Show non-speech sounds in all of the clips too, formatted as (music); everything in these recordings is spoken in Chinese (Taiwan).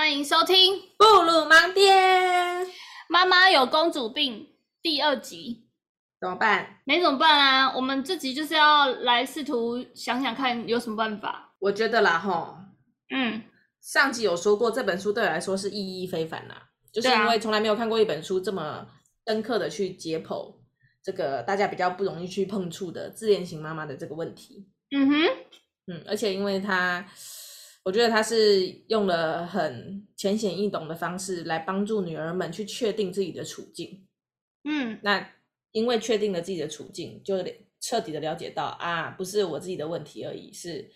歡迎收聽《布魯芒爹媽媽有公主病》第二集，怎麼辦？沒怎麼辦啊？我們這集就是要來試圖想想看有什麼辦法。我覺得啦，吼，嗯，上集有說過這本書對我來說是意義非凡吶、啊，就是因為從來沒有看過一本書這麼深刻的去解剖這個大家比較不容易去碰觸的自戀型媽媽的這個問題。嗯哼，嗯，而且因為她……我覺得他是用了很淺顯易懂的方式來幫助女兒們去確定自己的處境。嗯，那因為確定了自己的處境，就徹底的了解到啊，不是我自己的問題而已，是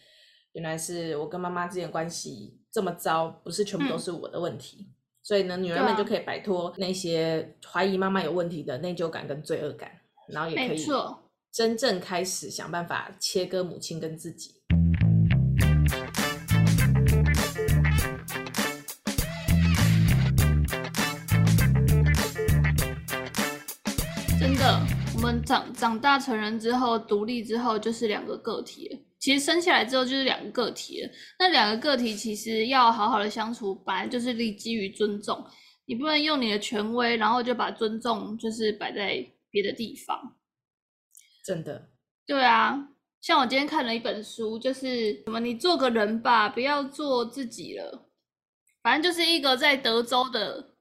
原來是我跟媽媽之間關係這麼糟，不是全部都是我的問題。嗯。所以呢，女兒們就可以擺脫那些懷疑媽媽有問題的內疚感跟罪惡感，然後也可以真正開始想辦法切割母親跟自己。長，長大成人之後，獨立之後就是兩個個體了。其實生下來之後就是兩個個體了。那兩個個體其實要好好的相處，本來就是立基於尊重。你不能用你的權威，然後就把尊重就是擺在別的地方。真的？對啊。像我今天看了一本書，就是什麼你做個人吧，不要做自己了。反正就是一個在德州的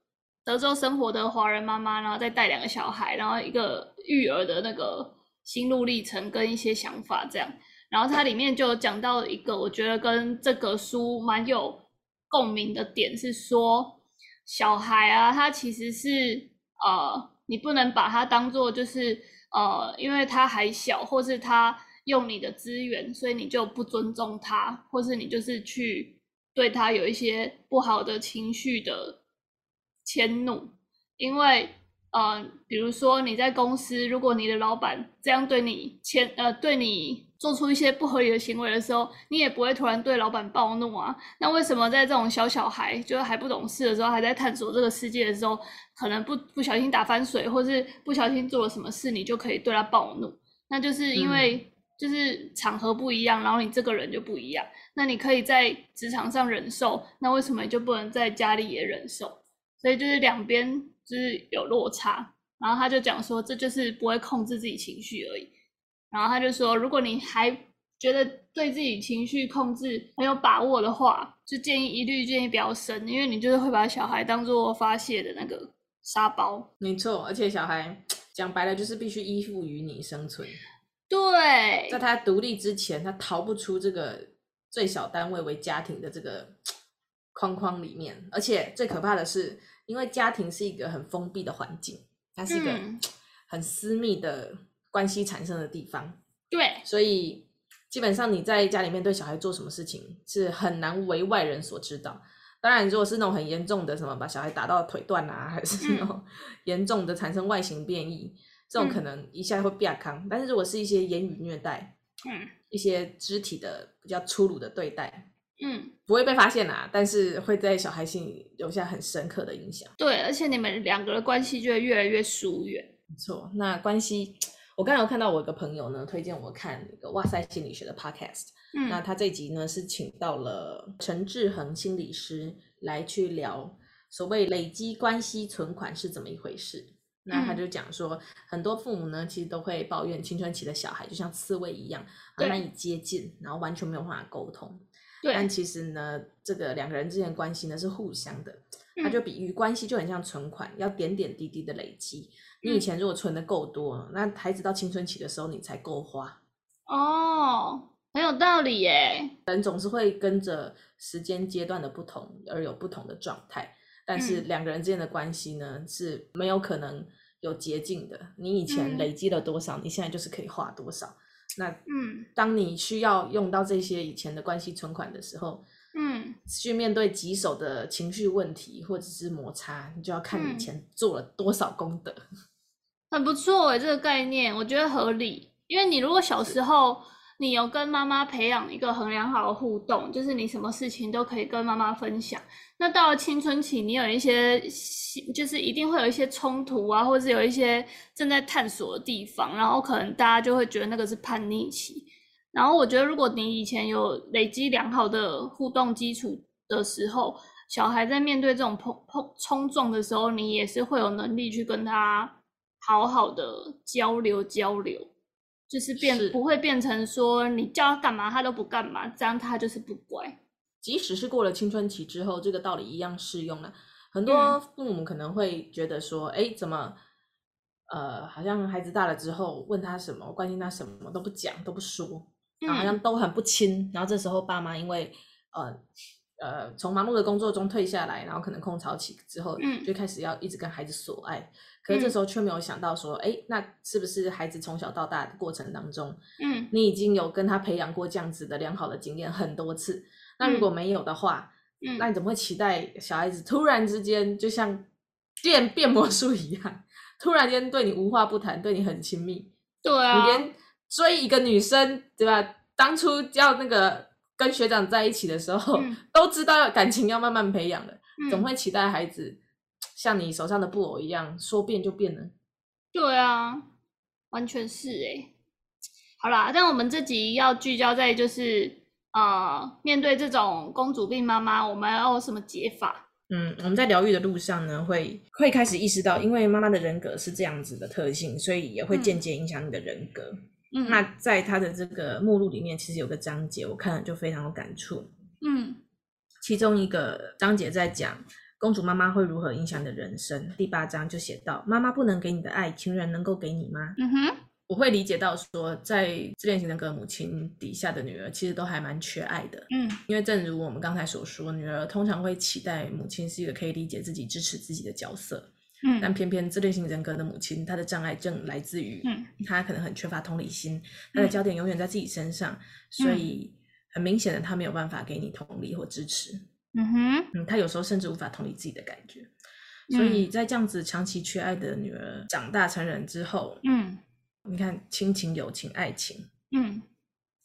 德州生活的華人媽媽，然後再帶兩個小孩，然後一個育兒的那個心路歷程跟一些想法這樣，然後它裡面就講到一個我覺得跟這個書蠻有共鳴的點是說，小孩啊，他其實是呃，你不能把他當做就是呃，因為他還小，或是他用你的資源，所以你就不尊重他，或是你就是去對他有一些不好的情緒的。遷怒，因為，呃，比如說你在公司，如果你的老板這樣對你遷，呃，對你做出一些不合理的行為的時候，你也不會突然對老板暴怒啊。那為什麼在這種小小孩就是還不懂事的時候，還在探索這個世界的時候，可能不不小心打翻水，或是不小心做了什麼事，你就可以對他暴怒？那就是因為就是場合不一樣，嗯、然後你這個人就不一樣。那你可以在職場上忍受，那為什麼你就不能在家裡也忍受？所以就是兩邊就是有落差，然後他就講說，這就是不會控制自己情緒而已，然後他就說，如果你還覺得對自己情緒控制很有把握的話，就建議一律建議不要生，因為你就是會把小孩當做發洩的那個沙包。沒錯，而且小孩講白了就是必須依附於你生存。對，在他獨立之前，他逃不出這個最小單位為家庭的這個框框裡面，而且最可怕的是，因為家庭是一個很封閉的環境，它是一個很私密的關係產生的地方。嗯，對，所以基本上你在家裡面對小孩做什麼事情，是很難為外人所知道。當然，如果是那種很嚴重的什麼，把小孩打到腿斷啊，還是那種嚴重的產生外形變異，這種可能一下會變康。但是，如果是一些言語虐待，嗯，一些肢體的比較粗魯的對待。嗯，不會被發現啦、啊，但是會在小孩心裡留下很深刻的影響。對，而且你們兩個的關係就會越來越疏遠。沒錯，那關係，我剛才有看到我一個朋友呢，推薦我看一個《哇塞心理學》的 Podcast。嗯，那他這集呢是請到了陳志恆心理師來去聊所謂累積關係存款是怎麼一回事。嗯、那他就講說，很多父母呢其實都會抱怨青春期的小孩就像刺蝟一樣很難以接近，然後完全沒有辦法溝通。對，但其實呢，這個兩個人之間的關係呢是互相的，它就比喻關係就很像存款，嗯，要點點滴滴的累積。你以前如果存的夠多，嗯、那孩子到青春期的時候你才夠花。哦，很有道理耶。人總是會跟着時間階段的不同而有不同的狀態，但是兩個人之間的關係呢是沒有可能有捷徑的。你以前累積了多少，嗯、你現在就是可以花多少。那，嗯，當你需要用到這些以前的關係存款的時候，嗯，去面對棘手的情緒問題或者是摩擦，你就要看你以前做了多少功德。嗯，很不錯誒，這個概念我覺得合理，因為你如果小時候。你有跟媽媽培養一個很良好的互動，就是你什麼事情都可以跟媽媽分享。那到了青春期，你有一些，就是一定會有一些衝突啊，或者是有一些正在探索的地方，然後可能大家就會覺得那個是叛逆期。然後我覺得，如果你以前有累積良好的互動基礎的時候，小孩在面對這種碰碰衝撞的時候，你也是會有能力去跟他好好的交流交流。就是變是不會變成說，你叫他幹嘛他都不幹嘛，這樣他就是不乖。即使是過了青春期之後，這個道理一樣適用了。很多父母可能會覺得說，哎、嗯，怎麼呃，好像孩子大了之後，問他什麼、關心他什麼都不講都不說，嗯、好像都很不親。然後這時候爸媽因為呃。呃，從忙碌的工作中退下來，然後可能空巢期之後，嗯，就開始要一直跟孩子索愛、嗯，可是這時候卻沒有想到說，哎、欸，那是不是孩子從小到大的過程當中，嗯，你已經有跟他培養過這樣子的良好的經驗很多次、嗯？那如果沒有的話，嗯，那你怎麼會期待小孩子突然之間就像變變魔術一樣，突然間對你無話不談，對你很親密？對啊，你連追一個女生對吧？當初叫那個。跟學長在一起的時候，嗯，都知道感情要慢慢培養的，嗯，總會期待孩子像你手上的布偶一樣說變就變呢？對啊，完全是哎、欸。好啦，但我們這集要聚焦在就是，呃，面對這種公主病媽媽，我們要有什麼解法？嗯，我們在療癒的路上呢，會會開始意識到，因為媽媽的人格是這樣子的特性，所以也會漸漸影響你的人格。嗯那在他的這個目錄裡面，其實有個章節我看了就非常有感觸。嗯，其中一個章節在講公主媽媽會如何影響你的人生。第八章就寫到，媽媽不能給你的愛，情人能夠給你嗎？嗯哼，我會理解到說，在自戀型人格的母親底下的女兒，其實都還蠻缺愛的。嗯，因為正如我們剛才所說，女兒通常會期待母親是一個可以理解自己、支持自己的角色。但偏偏自戀型人格的母親，她的障礙症來自於，嗯，她可能很缺乏同理心，嗯，她的焦點永遠在自己身上，嗯，所以很明顯的她沒有辦法給你同理或支持。嗯哼，她有時候甚至無法同理自己的感覺，嗯，所以在這樣子長期缺愛的女兒長大成人之後，嗯，你看親情、友情、愛情，嗯，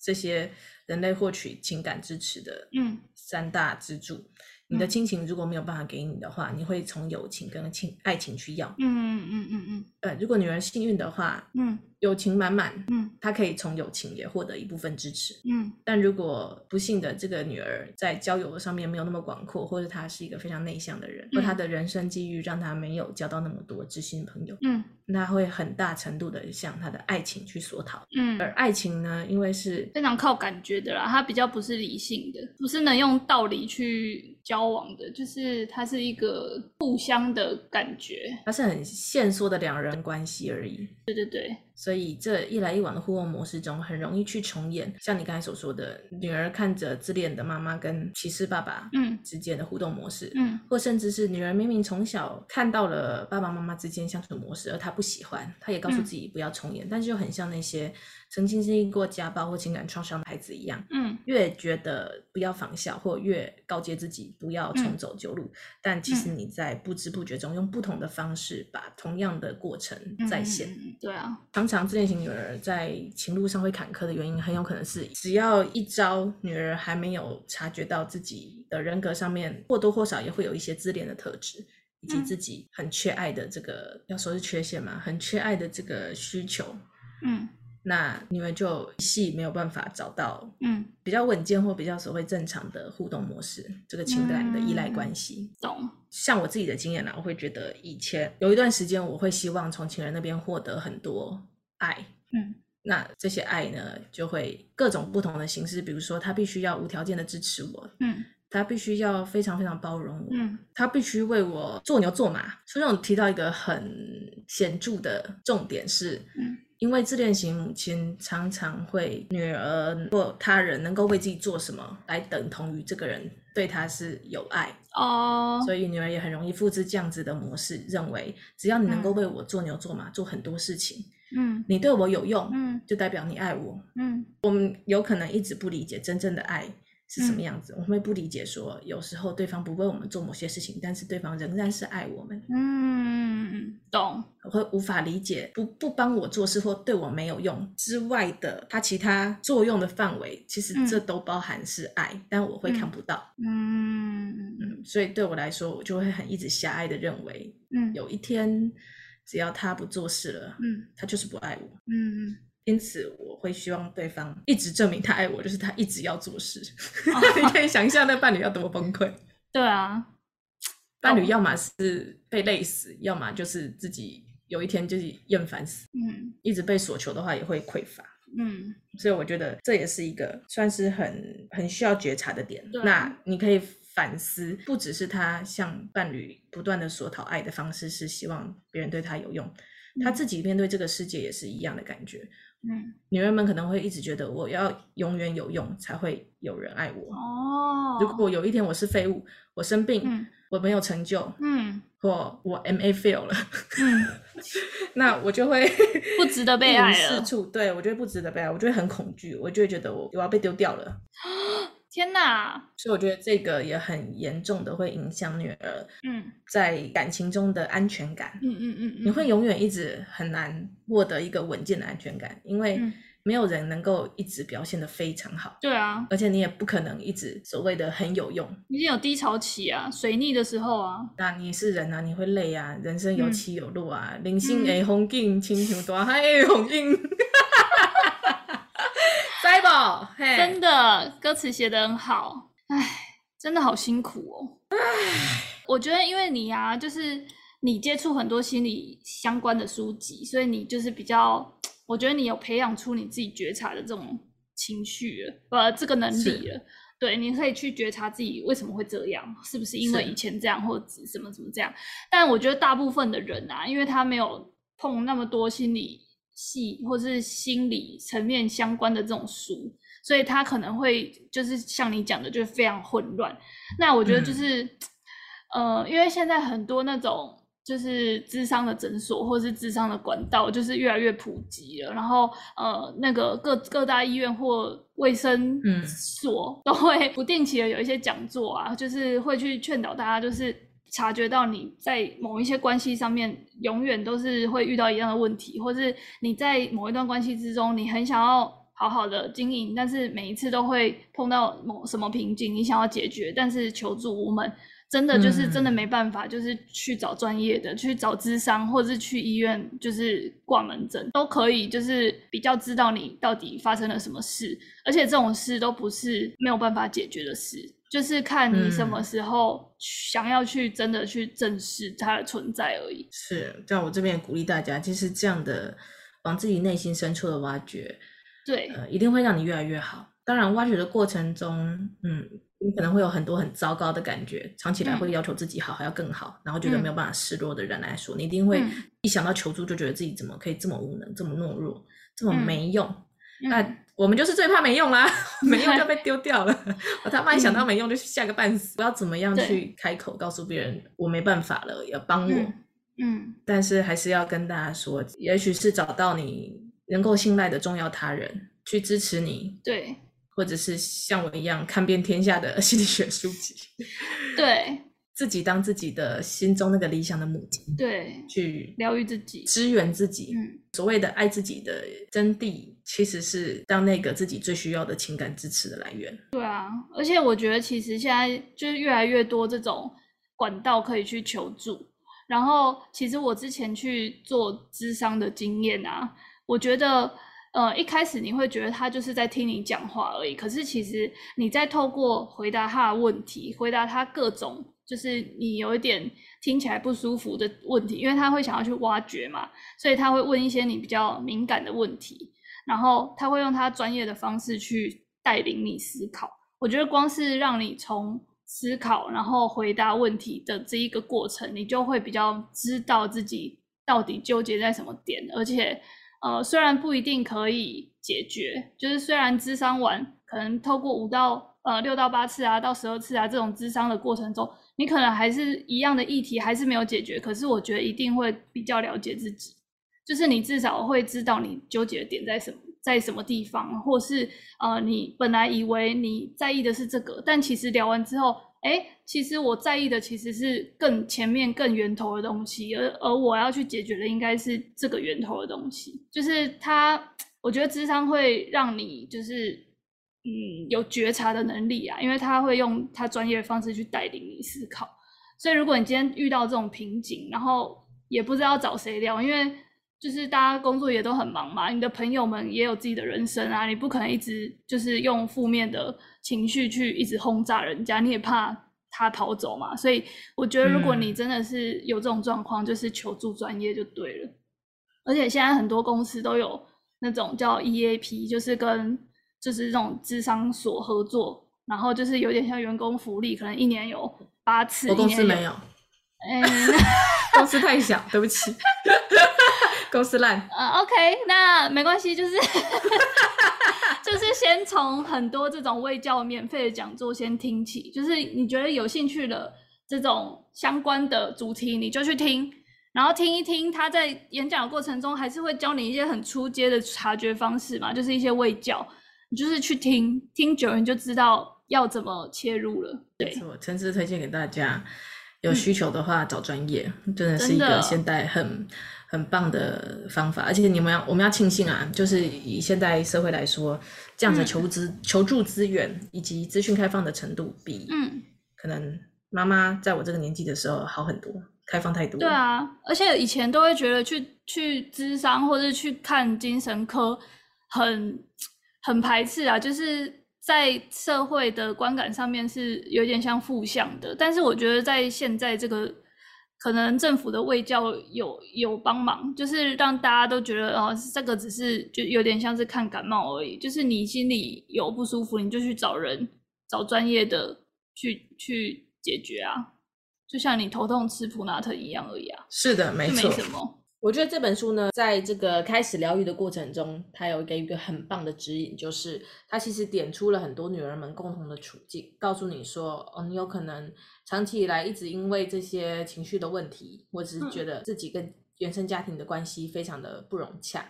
這些人類獲取情感支持的，嗯，三大支柱。你的親情如果沒有辦法給你的話，你會從友情跟情愛情去要。嗯嗯嗯嗯嗯。呃、嗯嗯，如果女人幸運的話，嗯。友情滿滿，嗯，他可以從友情也獲得一部分支持，嗯，但如果不幸的這個女兒在交友上面沒有那麼廣闊，或者她是一個非常內向的人，嗯，或她的人生機遇，讓她沒有交到那麼多知心朋友，嗯，那會很大程度的向她的愛情去索討，嗯，而愛情呢，因為是非常靠感覺的啦，它比較不是理性的，不是能用道理去交往的，就是它是一個互相的感覺，它是很限縮的兩人關係而已，對對對、對。所以這一來一往的互動模式中，很容易去重演，像你剛才所說的，女兒看着自戀的媽媽跟騎士爸爸，嗯，之間的互動模式，嗯，嗯，或甚至是女兒明明從小看到了爸爸媽媽之間相處的模式，而她不喜歡，她也告訴自己不要重演，嗯、但是又很像那些。曾經經歷過家暴或情感創傷的孩子一樣，嗯，越覺得不要仿效，或越告誡自己不要重走舊路，嗯，但其實你在不知不覺中，嗯，用不同的方式把同樣的過程再現，嗯。對啊，常常自戀型女兒在情路上會坎坷的原因，很有可能是只要一招，女兒還沒有察覺到自己的人格上面或多或少也會有一些自戀的特質，以及自己很缺愛的這個，嗯，要說是缺陷嘛，很缺愛的這個需求，嗯。那你們就係沒有辦法找到，嗯，比較穩健或比較所謂正常的互動模式，嗯，這個情感的依賴關係。懂。像我自己的經驗啦，啊，我會覺得以前有一段時間，我會希望從情人那邊獲得很多愛。嗯，那這些愛呢，就會各種不同的形式，比如說他必須要無條件的支持我，嗯，他必須要非常非常包容我，嗯，他必須為我做牛做馬。所以，我提到一個很顯著的重點是，嗯。因為自戀型母親常常會，女兒或他人能夠為自己做什麼，來等同於這個人對他是有愛哦。所以女兒也很容易複製這樣子的模式，認為只要你能夠為我做牛做馬，做很多事情，嗯，你對我有用，嗯，就代表你愛我，嗯，我們有可能一直不理解真正的愛是什麼樣子？嗯、我會不理解說，說有時候對方不為我們做某些事情，但是對方仍然是愛我們。嗯，懂。我會無法理解不，不不幫我做事或對我沒有用之外的他其他作用的範圍，其實這都包含是愛，嗯、但我會看不到。嗯嗯，所以對我來說，我就會很一直狹隘的認為，嗯，有一天只要他不做事了，嗯，他就是不愛我。嗯嗯。因此，我會希望對方一直證明他愛我，就是他一直要做事。Oh. (laughs) 你可以想一下，那伴侶要多崩潰？對啊，伴侶要麼是被累死，要麼就是自己有一天就是厭煩死。嗯，一直被索求的話，也會匱乏。嗯，所以我覺得這也是一個算是很很需要覺察的點。那你可以反思，不只是他向伴侶不斷的索討愛的方式，是希望別人對他有用，嗯，他自己面對這個世界也是一樣的感覺。嗯，女人們可能會一直覺得，我要永遠有用才會有人愛我哦。如果有一天我是廢物，我生病，嗯、我沒有成就，嗯，或我 MA fail 了，嗯呵呵，那我就會不值得被愛了。 (laughs) 四處，對我覺得不值得被愛，我就會很恐懼，我就會覺得我我要被丟掉了。天吶！所以我覺得這個也很嚴重的會影響女兒，嗯，在感情中的安全感，嗯嗯嗯，嗯，你會永遠一直很難獲得一個穩健的安全感，因為沒有人能夠一直表現得非常好、嗯，對啊，而且你也不可能一直所謂的很有用，一定有低潮期啊，水逆的時候啊，那、啊、你是人啊，你會累啊，人生有起有落啊，零星誒，紅印，清平多哈誒，紅 (laughs) Oh, hey. 真的歌詞寫得很好，哎，真的好辛苦哦。 (laughs) 我覺得因為你啊，就是你接觸很多心理相關的書籍，所以你就是比較，我覺得你有培養出你自己覺察的這種情緒了，呃，這個能力了。對，你可以去覺察自己為什麼會這樣，是不是因為以前這樣或者怎麼怎麼這樣？但我覺得大部分的人啊，因為他沒有碰那麼多心理。戲或是心理層面相關的這種書，所以他可能會就是像你講的，就是非常混亂。那我覺得就是、嗯，呃，因為現在很多那種就是諮商的診所或是諮商的管道，就是越來越普及了。然後呃，那個各各大醫院或衛生所都會不定期的有一些講座啊，就是會去勸導大家，就是。察覺到你在某一些關係上面，永遠都是會遇到一樣的問題，或是你在某一段關係之中，你很想要好好的經營，但是每一次都會碰到某什麼瓶頸，你想要解決，但是求助無門，真的就是真的沒辦法，就是去找專業的，嗯、去找諮商，或是去醫院，就是掛門診都可以，就是比較知道你到底發生了什麼事，而且這種事都不是沒有辦法解決的事。就是看你什麼時候想要去真的去正視它的存在而已。嗯、是，在我這邊鼓勵大家，其實這樣的往自己內心深處的挖掘，對、呃，一定會讓你越來越好。當然，挖掘的過程中，嗯，你可能會有很多很糟糕的感覺，藏起來會要求自己好還要更好，嗯，然後覺得沒有辦法示弱的人來說，嗯，你一定會一想到求助就覺得自己怎麼可以這麼無能、這麼懦弱、這麼沒用。那、嗯。嗯我們就是最怕沒用啦，沒用就被丟掉了。 (laughs) (laughs) 我他媽一想到沒用就嚇個半死。嗯，我要怎麼樣去開口告訴別人我沒辦法了？要幫我。嗯？嗯，但是還是要跟大家說，也許是找到你能夠信賴的重要他人去支持你。對，或者是像我一樣看遍天下的心理學書籍。對， (laughs) 自己當自己的心中那個理想的母親。對，去療癒自己，支援自己。嗯，所謂的愛自己的真諦。其實是當那個自己最需要的情感支持的來源。對啊，而且我覺得其實現在就是越來越多這種管道，可以去求助。然後，其實我之前去做諮商的經驗啊，我覺得，呃，一開始你會覺得他就是在聽你講話而已。可是其實你在透過回答他的問題，回答他各種就是你有一點聽起來不舒服的問題，因為他會想要去挖掘嘛，所以他會問一些你比較敏感的問題。然後他會用他專業的方式去帶領你思考。我覺得光是讓你從思考，然後回答問題的這一個過程，你就會比較知道自己到底糾結在什麼點。而且，呃，雖然不一定可以解決，就是雖然諮商完，可能透過五到呃六到八次啊，到十二次啊這種諮商的過程中，你可能還是一樣的議題還是沒有解決。可是我覺得一定會比較了解自己。就是你至少會知道你糾結的點在什麼在什麼地方，或是呃，你本來以為你在意的是這個，但其實聊完之後，誒，其實我在意的其實是更前面、更源頭的東西，而而我要去解決的應該是這個源頭的東西。就是他，我覺得諮商會讓你就是嗯有覺察的能力啊，因為他會用他專業的方式去帶領你思考。所以如果你今天遇到這種瓶頸，然後也不知道找誰聊，因為。就是大家工作也都很忙嘛，你的朋友們也有自己的人生啊，你不可能一直就是用負面的情緒去一直轟炸人家，你也怕他逃走嘛。所以我覺得，如果你真的是有這種狀況，嗯，就是求助專業就對了。而且現在很多公司都有那種叫 EAP，就是跟就是這種諮商所合作，然後就是有點像員工福利，可能一年有八次。我公司沒有。Um, (laughs) 公司太小， (laughs) 對不起， (laughs) 公司爛。Uh, okay, 那沒關係，就是 (laughs) 就是先從很多這種衛教免費的講座先聽起，就是你覺得有興趣的這種相關的主題，你就去聽，然後聽一聽他在演講的過程中，還是會教你一些很初階的察覺方式嘛，就是一些衛教，你就是去聽，聽久了你就知道要怎麼切入了。對，是我誠摯推薦給大家。有需求的話找專業，真的是一個現代很很棒的方法。而且你們要我們要慶幸啊，就是以現代社會來說，這樣的求資、嗯、求助資源以及資訊開放的程度，比嗯可能媽媽在我這個年紀的時候好很多，開放太多。對啊，而且以前都會覺得去去諮商或者去看精神科很很排斥啊，就是。在社會的觀感上面是有點像負向的，但是我覺得在現在這個可能政府的衛教有有幫忙，就是讓大家都覺得哦，這個只是就有點像是看感冒而已，就是你心裡有不舒服，你就去找人找專業的去去解決啊，就像你頭痛吃普拿疼一樣而已啊。是的，沒錯，沒什麼。我覺得這本書呢，在這個開始療癒的過程中，它有一個一個很棒的指引，就是它其實點出了很多女兒們共同的處境，告訴你說，哦，你有可能長期以來一直因為這些情緒的問題，或者是覺得自己跟原生家庭的關係非常的不融洽。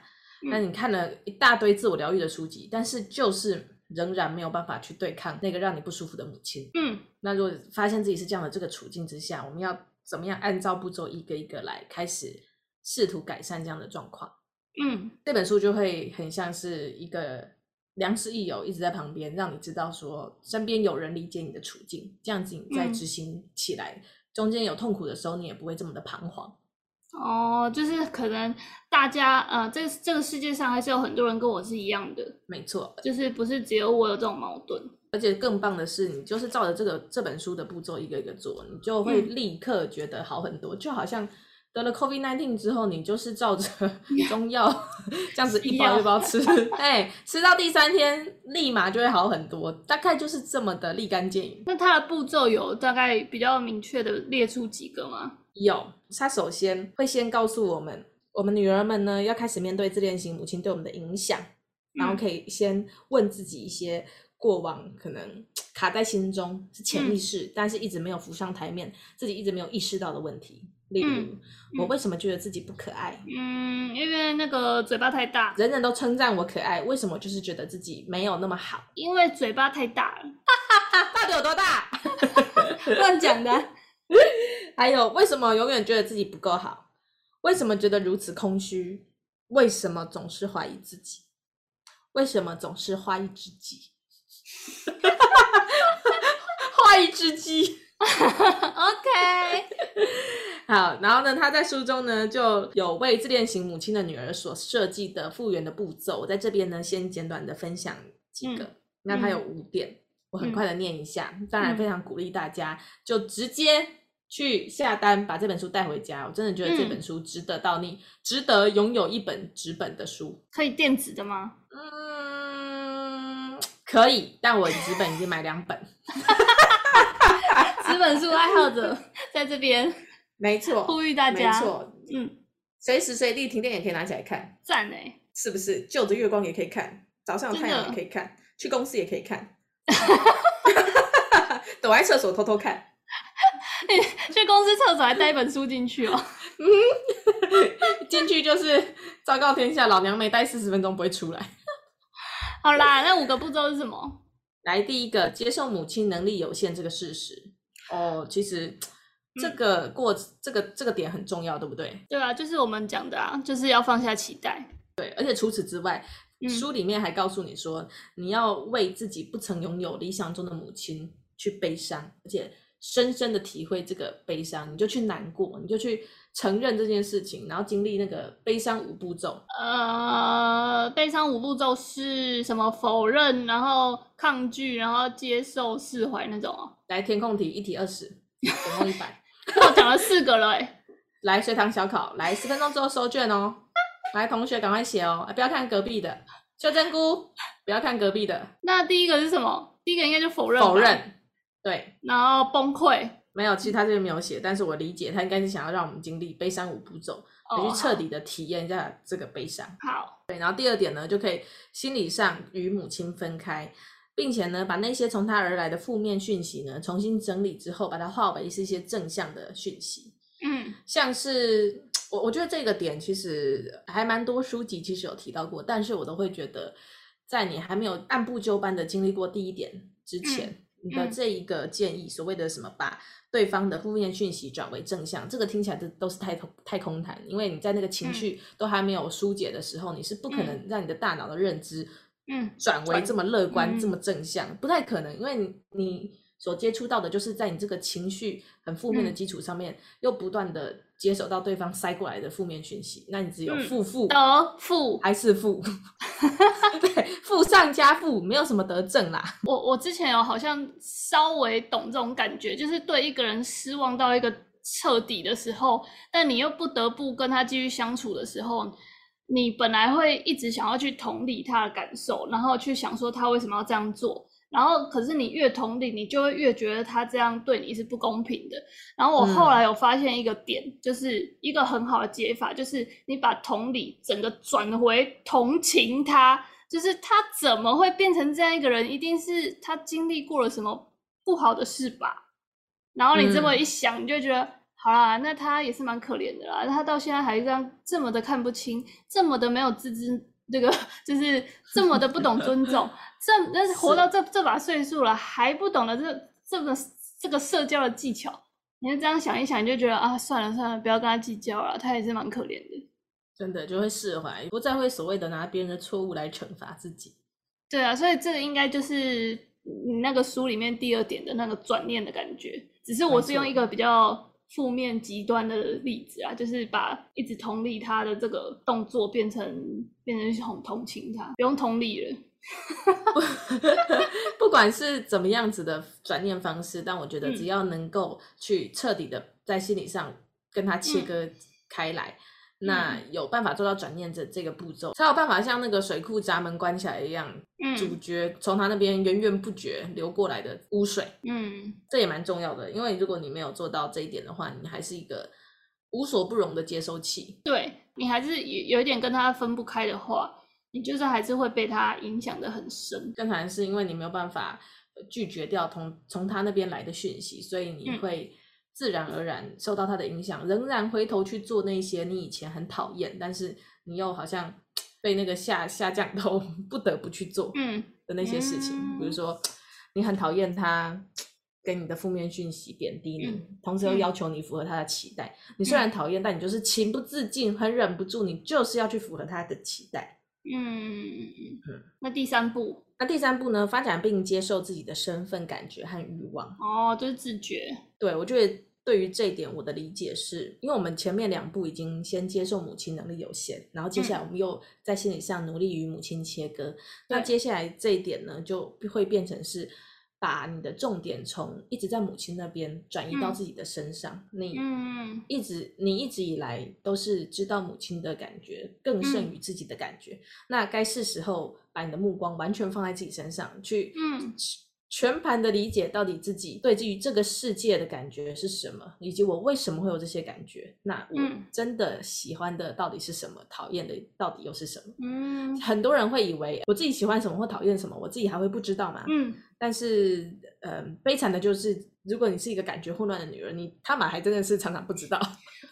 那你看了一大堆自我療癒的書籍，但是就是仍然沒有辦法去對抗那個讓你不舒服的母親。嗯，那如果發現自己是這樣的這個處境之下，我們要怎麼樣按照步驟一個一個來開始？試圖改善這樣的狀況，嗯，這本書就會很像是一個良師益友，一直在旁邊，讓你知道說身邊有人理解你的處境，這樣子你再執行起來，嗯，中間有痛苦的時候，你也不會這麼的彷徨。哦，就是可能大家呃，這這個世界上還是有很多人跟我是一樣的。沒錯，就是不是只有我有這種矛盾，而且更棒的是，你就是照着這個這本書的步驟一個一個做，你就會立刻覺得好很多，嗯，就好像。得了 COVID-19 之後，你就是照着中藥 (laughs) 這樣子一包一包吃， (laughs) 哎，吃到第三天立馬就會好很多，大概就是這麼的立竿見影。那它的步驟有大概比較明確的列出幾個嗎？有，他首先會先告訴我們，我們女兒們呢要開始面對自戀型母親對我們的影響，然後可以先問自己一些過往可能卡在心中是潛意識，嗯，但是一直沒有浮上台面，自己一直沒有意識到的問題。例如，嗯嗯，我為什麼覺得自己不可愛？嗯，因為那個嘴巴太大。人人都稱讚我可愛，為什麼就是覺得自己沒有那麼好？因為嘴巴太大了。哈哈哈！到底有多大？亂 (laughs) 講講的。 (laughs) 還有，為什麼永遠覺得自己不夠好？為什麼覺得如此空虛？為什麼總是懷疑自己？為什麼總是畫一隻雞？畫 (laughs) (laughs) 一隻雞。 (laughs) OK，好，然後呢，他在書中呢就有為自戀型母親的女兒所設計的復原的步驟。我在這邊呢先簡短的分享幾個，嗯、那他有五點、嗯，我很快的念一下。嗯、當然非常鼓勵大家、嗯、就直接去下單把這本書帶回家。我真的覺得這本書值得到你，嗯、值得擁有一本紙本的書。可以電子的嗎？嗯，可以，但我紙本已經買兩本。 (laughs) (laughs) 這本書愛好者在這邊，沒錯，呼籲大家，沒錯，嗯，隨時隨地停電也可以拿起來看，讚、嗯、呢？是不是？就着月光也可以看，早上有太陽也可以看，去公司也可以看， (laughs) (laughs) 躲在廁所偷偷看，你去公司廁所還帶一本書進去哦，嗯，進去就是昭告天下，老娘沒待四十分鐘不會出來。好啦，那五個步驟是什麼？來，第一個，接受母親能力有限這個事實。哦，其實這個過、嗯、這個這個點很重要，對不對？對啊，就是我們講的啊，就是要放下期待。對，而且除此之外，書裡面還告訴你說，嗯、你要為自己不曾擁有理想中的母親去悲傷，而且。深深的體會這個悲傷，你就去難過，你就去承認這件事情，然後經歷那個悲傷五步驟。呃，悲傷五步驟是什麼？否認，然後抗拒，然後接受，釋懷那種。來填空題，一題二十，總共一百。我講了四個了，哎。 (laughs) 來隨堂小考，來十分鐘之後收卷哦。 (laughs) 來同學趕快寫哦。啊，不要看隔壁的。秋真姑，不要看隔壁的。那第一個是什麼？第一個應該就否認。否認。對，然後崩潰沒有，其實他這邊沒有寫、嗯，但是我理解他應該是想要讓我們經歷悲傷五步驟，oh, 去徹底的體驗一下這個悲傷。好，對，然後第二點呢，就可以心理上與母親分開，並且呢，把那些從他而來的負面訊息呢，重新整理之後，把它化為是一些正向的訊息。嗯，像是我，我覺得這個點其實還蠻多書籍其實有提到過，但是我都會覺得，在你還沒有按部就班的經歷過第一點之前，嗯你的這一個建議，嗯、所謂的什麼把對方的負面訊息轉為正向，這個聽起來都都是太太空談，因為你在那個情緒都還沒有疏解的時候、嗯，你是不可能讓你的大腦的認知，嗯，轉為這麼樂觀這麼正向，不太可能，因為你。所接觸到的，就是在你這個情緒很負面的基礎上面，又不斷的接收到對方塞過來的負面訊息，嗯、那你只有負負、嗯、得負，還是負， (laughs) (laughs) 對，負上加負，沒有什麼得正啦。我我之前有好像稍微懂這種感覺，就是對一個人失望到一個徹底的時候，但你又不得不跟他繼續相處的時候，你本來會一直想要去同理他的感受，然後去想說他為什麼要這樣做。然後，可是你越同理，你就會越覺得他這樣對你是不公平的。然後我後來有發現一個點，就是一個很好的解法，就是你把同理整個轉回同情他，就是他怎麼會變成這樣一個人？一定是他經歷過了什麼不好的事吧？然後你這麼一想，你就覺得好啦，那他也是蠻可憐的啦。他到現在還這樣這麼的看不清，這麼的沒有自知，這個就是這麼的不懂尊重。 (laughs) 這那活到這這把歲數了，還不懂得這這個這個社交的技巧，你就這樣想一想，你就覺得啊，算了算了，不要跟他計較了，他也是蠻可憐的。真的就會釋懷，不再會所謂的拿別人的錯誤來懲罰自己。對啊，所以這個應該就是你那個書裡面第二點的那個轉念的感覺。只是我是用一個比較負面極端的例子啊，就是把一直同理他的這個動作變成變成同同情他，不用同理了。 (laughs) (laughs) 不管是怎麼樣子的轉念方式，但我覺得只要能夠去徹底的在心理上跟他切割開來，嗯、那有辦法做到轉念的這個步驟，嗯，才有辦法像那個水庫閘門關起來一樣，嗯，主角從他那邊源源不絕流過來的污水，嗯，這也蠻重要的，因為如果你沒有做到這一點的話，你還是一個無所不容的接收器，對，你還是有有一點跟他分不開的話。你就是還是會被他影響的很深，更難是因為你沒有辦法拒絕掉從從他那邊來的訊息，所以你會自然而然受到他的影響、嗯，仍然回頭去做那些你以前很討厭，但是你又好像被那個下下降頭不得不去做的那些事情、嗯。比如說，你很討厭他給你的負面訊息，貶低你、嗯，同時又要求你符合他的期待。你雖然討厭、嗯，但你就是情不自禁，很忍不住，你就是要去符合他的期待。嗯，那第三步，那第三步呢？發展並接受自己的身份、感覺和欲望。哦，就是自覺。對，我覺得對於這一點，我的理解是，因為我們前面兩步已經先接受母親能力有限，然後接下來我們又在心理上努力與母親切割。嗯，那接下來這一點呢，就會變成是。把你的重點從一直在母親那邊轉移到自己的身上。嗯，你一直，嗯，你一直以來都是知道母親的感覺更勝於自己的感覺，嗯，那該是時候把你的目光完全放在自己身上去。嗯。全盤的理解，到底自己對於這個世界的感覺是什麼，以及我為什麼會有這些感覺？那我真的喜歡的到底是什麼？嗯、討厭的到底又是什麼？嗯，很多人會以為我自己喜歡什麼或討厭什麼，我自己還會不知道嗎？嗯，但是、呃、悲慘的就是，如果你是一個感覺混亂的女人，你他媽還真的是常常不知道。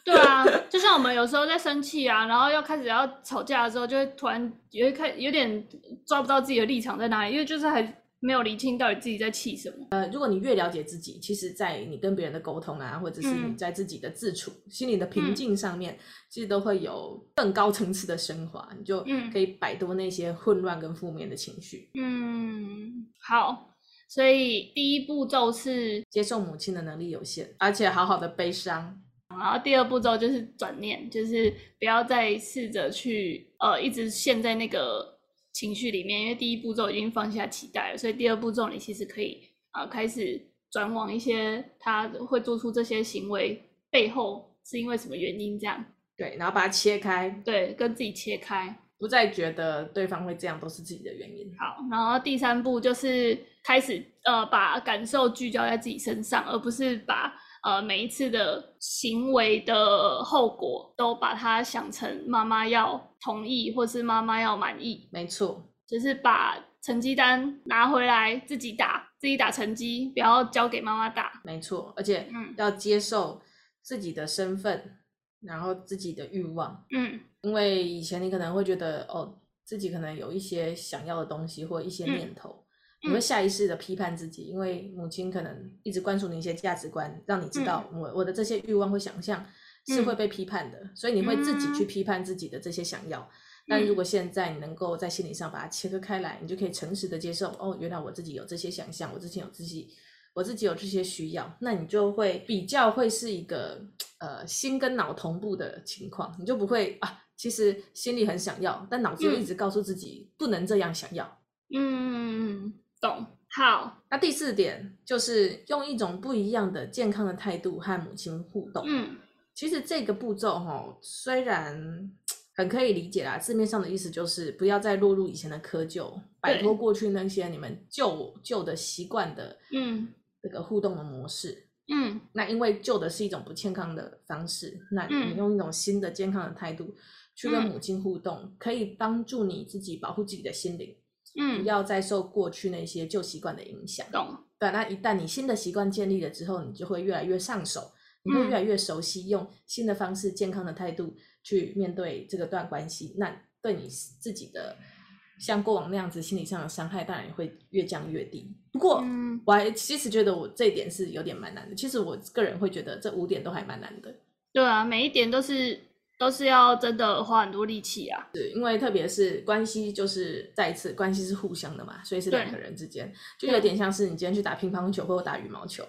對啊，就像我們有時候在生氣啊， (laughs) 然後又開始要吵架的時候，就會突然有一開有點抓不到自己的立場在哪裡，因為就是還。沒有理清到底自己在氣什麼。呃，如果你越了解自己，其實，在你跟別人的溝通啊，或者是你在自己的自處、嗯、心理的平靜上面、嗯，其實都會有更高層次的升華。你就可以擺脫那些混亂跟負面的情緒。嗯，好。所以第一步驟是接受母親的能力有限，而且好好的悲傷。然後第二步驟就是轉念，就是不要再試着去呃，一直陷在那個。情緒裡面，因為第一步驟已經放下期待了，所以第二步驟你其實可以啊、呃，開始轉往一些他會做出這些行為背後是因為什麼原因這樣。對，然後把它切開。對，跟自己切開，不再覺得對方會這樣都是自己的原因。嗯、好，然後第三步就是開始呃，把感受聚焦在自己身上，而不是把。呃，每一次的行為的後果，都把它想成媽媽要同意，或是媽媽要滿意。沒錯，就是把成績單拿回來自己打，自己打成績，不要交給媽媽打。沒錯，而且嗯，要接受自己的身份，嗯，然後自己的慾望。嗯，因為以前你可能會覺得哦，自己可能有一些想要的東西或一些念頭。嗯你會下意識的批判自己，因為母親可能一直灌輸你一些價值觀，讓你知道我、嗯、我的這些慾望，或想象是會被批判的，嗯，所以你會自己去批判自己的這些想要。嗯，但如果現在你能夠在心理上把它切割開來，嗯，你就可以誠實的接受，哦，原來我自己有這些想象，我之前有自己我自己有這些需要，那你就會比較會是一個呃心跟腦同步的情況，你就不會啊，其實心裡很想要，但腦子又一直告訴自己，嗯，不能這樣想要，嗯。好，那第四點就是用一種不一樣的健康的態度和母親互動。嗯，其實這個步驟吼雖然很可以理解啦，字面上的意思就是不要再落入以前的窠臼，擺脫過去那些你們舊舊的習慣的，嗯，這個互動的模式。嗯，那因為舊的是一種不健康的方式，那你用一種新的健康的態度去跟母親互動，可以幫助你自己保護自己的心靈。嗯，不要再受過去那些舊習慣的影響。懂，對，那一旦你新的習慣建立了之後，你就會越來越上手，你會越來越熟悉、嗯、用新的方式、健康的態度去面對這個段關係，那對你自己的像過往那樣子心理上的傷害，當然也會越降越低。不過，嗯，我還其實覺得我這一點是有點蠻難的。其實我個人會覺得這五點都還蠻難的。對啊，每一點都是。都是要真的花很多力氣啊！對，因為特別是關係就是再次關係是互相的嘛，所以是兩個人之間，就有點像是你今天去打乒乓球或者打羽毛球。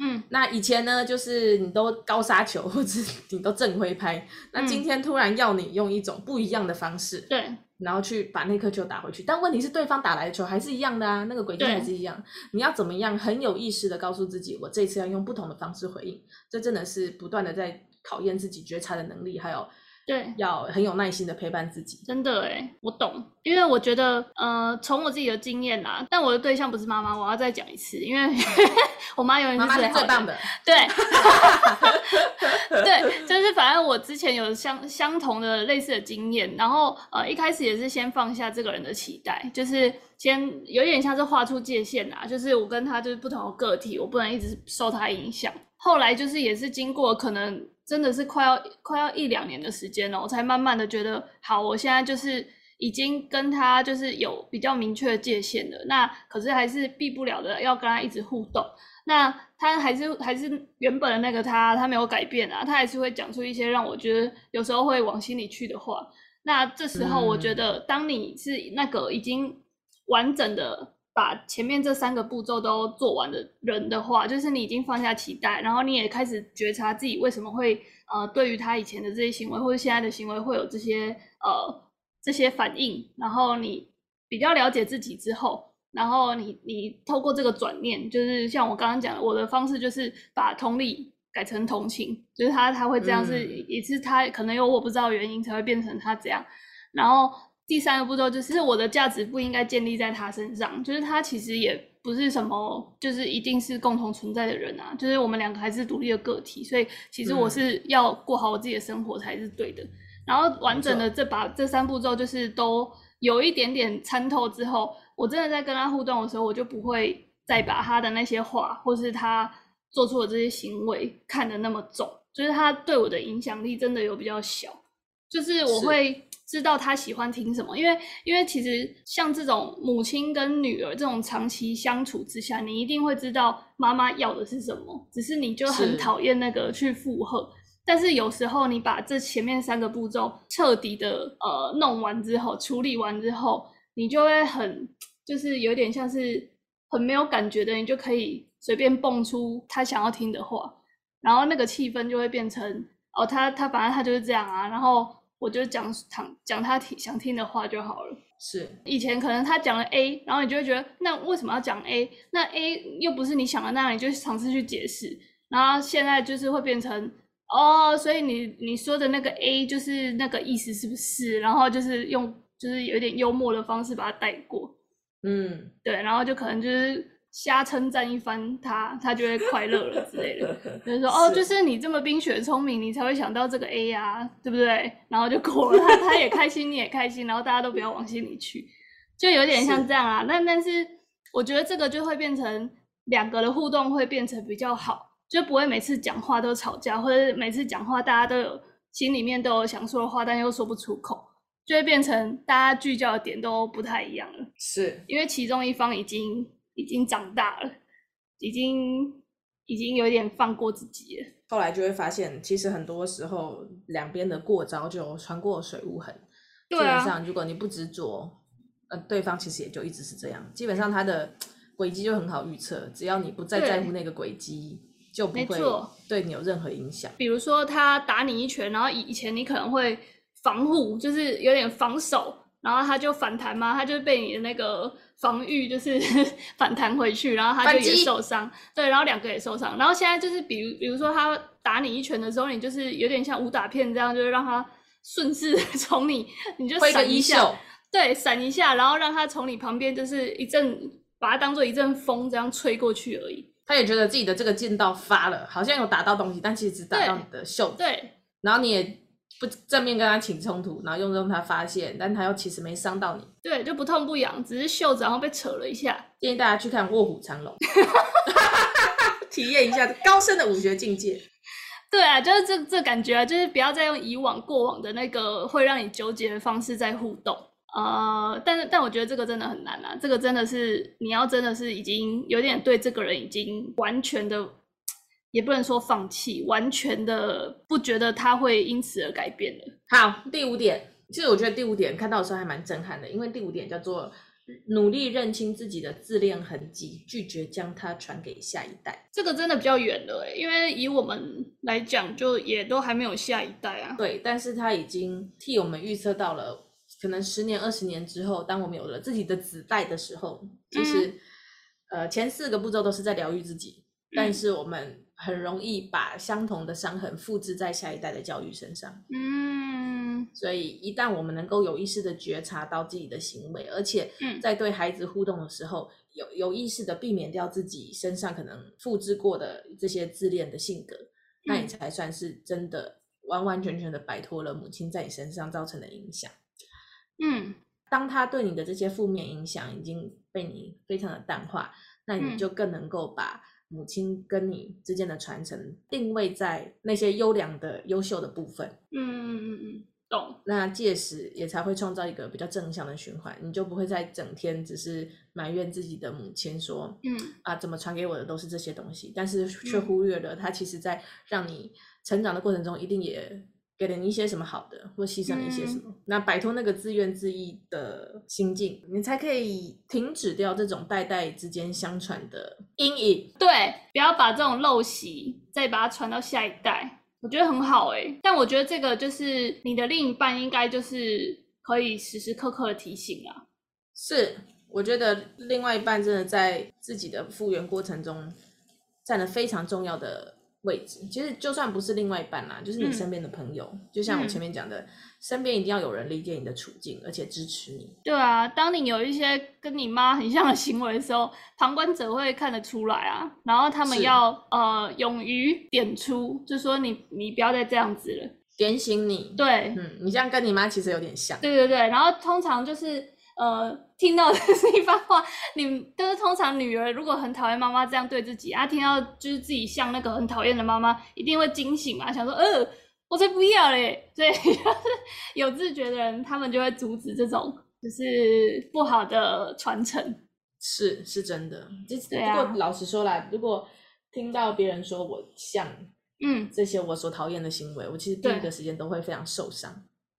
嗯，那以前呢，就是你都高殺球或者你都正揮拍，嗯，那今天突然要你用一種不一樣的方式，對，然後去把那顆球打回去。但問題是，對方打來的球還是一樣的啊，那個軌跡還是一樣。你要怎麼樣很有意識的告訴自己，我這一次要用不同的方式回應。這真的是不斷的在考驗自己覺察的能力，還有對要很有耐心的陪伴自己。真的哎，我懂，因為我覺得呃，從我自己的經驗啊，但我的對象不是媽媽，我要再講一次，因為呵呵我媽永遠是最好的。媽媽是最棒的。對， (laughs) (laughs) 對，就是反正我之前有相相同的類似的經驗，然後呃，一開始也是先放下這個人的期待，就是先有一點像是畫出界限啊，就是我跟他就是不同的個體，我不能一直受他影響。後來就是也是經過，可能真的是快要快要一兩年的時間了，我才慢慢的覺得，好，我現在就是已經跟他就是有比較明確的界限了，那可是還是避不了的，要跟他一直互動，那他還是還是原本的那個他，他沒有改變啊，他還是會講出一些讓我覺得有時候會往心裡去的話，那這時候我覺得，當你是那個已經完整的。把前面這三個步驟都做完的人的話，就是你已經放下期待，然後你也開始覺察自己為什麼會呃，對於他以前的這些行為或者現在的行為會有這些呃這些反應。然後你比較了解自己之後，然後你你透過這個轉念，就是像我剛剛講的，我的方式就是把同理改成同情，就是他他會這樣是、嗯、也是他可能有我不知道原因才會變成他這樣，然後。第三個步驟就是我的價值不應該建立在他身上，就是他其實也不是什麼，就是一定是共同存在的人啊，就是我們兩個還是獨立的個體，所以其實我是要過好我自己的生活才是對的。嗯、然後完整的這把這三步驟就是都有一點點參透之後，我真的在跟他互動的時候，我就不會再把他的那些話，或是他做出的這些行為看得那麼重，就是他對我的影響力真的有比較小，就是我會是。知道他喜歡聽什麼，因為因為其實像這種母親跟女兒這種長期相處之下，你一定會知道媽媽要的是什麼，只是你就很討厭那個去附和，是。但是有時候你把這前面三個步驟徹底的呃弄完之後，處理完之後，你就會很，就是有點像是很沒有感覺的，你就可以隨便蹦出他想要聽的話，然後那個氣氛就會變成哦，他他反正他就是這樣啊，然後。我就講講他聽想聽的話就好了。是以前可能他講了 A，然後你就會覺得，那為什麼要講 A？那 A 又不是你想的那樣，你就嘗試去解釋。然後現在就是會變成哦，所以你你說的那個 A 就是那個意思，是不是？然後就是用就是有點幽默的方式把它帶過。嗯，對，然後就可能就是。瞎稱讚一番他，他就會快樂了之類的。比如說，哦，就是你這麼冰雪聰明，你才會想到這個 A 呀，對不對？然後就夠了，他他也開心，你也開心，然後大家都不要往心裡去，就有點像這樣啊。那但、但是我覺得這個就會變成兩個的互動會變成比較好，就不會每次講話都吵架，或者每次講話大家都有心裡面都有想說的話，但又說不出口，就會變成大家聚焦的點都不太一樣了。是因為其中一方已經。已經長大了，已經已經有點放過自己了。後來就會發現，其實很多時候兩邊的過招就船過水無痕。對啊。基本上，如果你不執着，呃，對方其實也就一直是這樣。基本上，他的軌跡就很好預測。只要你不再在乎那個軌跡，就不會對你有任何影響。比如說，他打你一拳，然後以以前你可能會防護，就是有點防守。然後他就反彈嘛，他就是被你的那個防御就是反彈回去，然後他就也受傷。對，然後兩個也受傷。然後現在就是，比如比如說他打你一拳的時候，你就是有點像武打片這樣，就是讓他順勢從你，你就閃一下個，對，閃一下，然後讓他從你旁邊，就是一陣把它當做一陣風這樣吹過去而已。他也覺得自己的這個勁道發了，好像有打到東西，但其實只打到你的袖子。對，然後你也。不正面跟他起衝突，然後用用他發現，但他又其實沒傷到你，對，就不痛不癢，只是袖子然後被扯了一下。建議大家去看《臥虎藏龍》，體驗一下高深的武學境界。對啊，就是這這感覺啊，就是不要再用以往過往的那個會讓你糾結的方式在互動。呃，但是但我覺得這個真的很難啊，這個真的是你要真的是已經有點對這個人已經完全的。也不能說放棄，完全的不覺得它會因此而改變的。好，第五點，其實我覺得第五點看到的時候還蠻震撼的，因為第五點叫做努力認清自己的自戀痕跡，拒絕將它傳給下一代。這個真的比較遠的，哎，因為以我們來講，就也都還沒有下一代啊。對，但是他已經替我們預測到了，可能十年、二十年之後，當我們有了自己的子代的時候，其實、嗯，呃，前四個步驟都是在療癒自己，嗯、但是我們。很容易把相同的傷痕複製在下一代的教育身上。嗯，所以一旦我們能夠有意識的覺察到自己的行為，而且在對孩子互動的時候、嗯、有有意識的避免掉自己身上可能複製過的這些自戀的性格，嗯、那你才算是真的完完全全的擺脫了母親在你身上造成的影響。嗯，當她對你的這些負面影響已經被你非常的淡化，那你就更能夠把、嗯。把母親跟你之間的傳承定位在那些優良的、優秀的部分。嗯嗯嗯嗯，懂。那屆時也才會創造一個比較正向的循環，你就不會再整天只是埋怨自己的母親說：“嗯啊，怎麼傳給我的都是這些東西？”但是卻忽略了它其實在讓你成長的過程中一定也。給了你一些什麼好的，或犧牲了一些什麼，嗯、那擺脫那個自怨自艾的心境，你才可以停止掉這種代代之間相傳的陰影。對，不要把這種陋習再把它傳到下一代。我覺得很好哎、欸，但我覺得這個就是你的另一半，應該就是可以時時刻刻的提醒啊。是，我覺得另外一半真的在自己的復原過程中占了非常重要的。位置其實就算不是另外一半啦，就是你身邊的朋友，嗯，就像我前面講的，嗯，身邊一定要有人理解你的處境，而且支持你。對啊，當你有一些跟你媽很像的行為的時候，旁觀者會看得出來啊，然後他們要呃勇於點出，就說你你不要再這樣子了，點醒你。對，嗯，你這樣跟你媽其實有點像。對對對，然後通常就是呃。聽到的是一番話，你但是通常女兒如果很討厭媽媽這樣對自己啊，聽到就是自己像那個很討厭的媽媽，一定會驚醒嘛。想說，呃，我才不要嘞。所以呵呵有自覺的人，他們就會阻止這種就是不好的傳承。是是真的，就是真的啊，如果老實說來，如果聽到別人說我像嗯這些我所討厭的行為，嗯，我其實第一個時間都會非常受傷，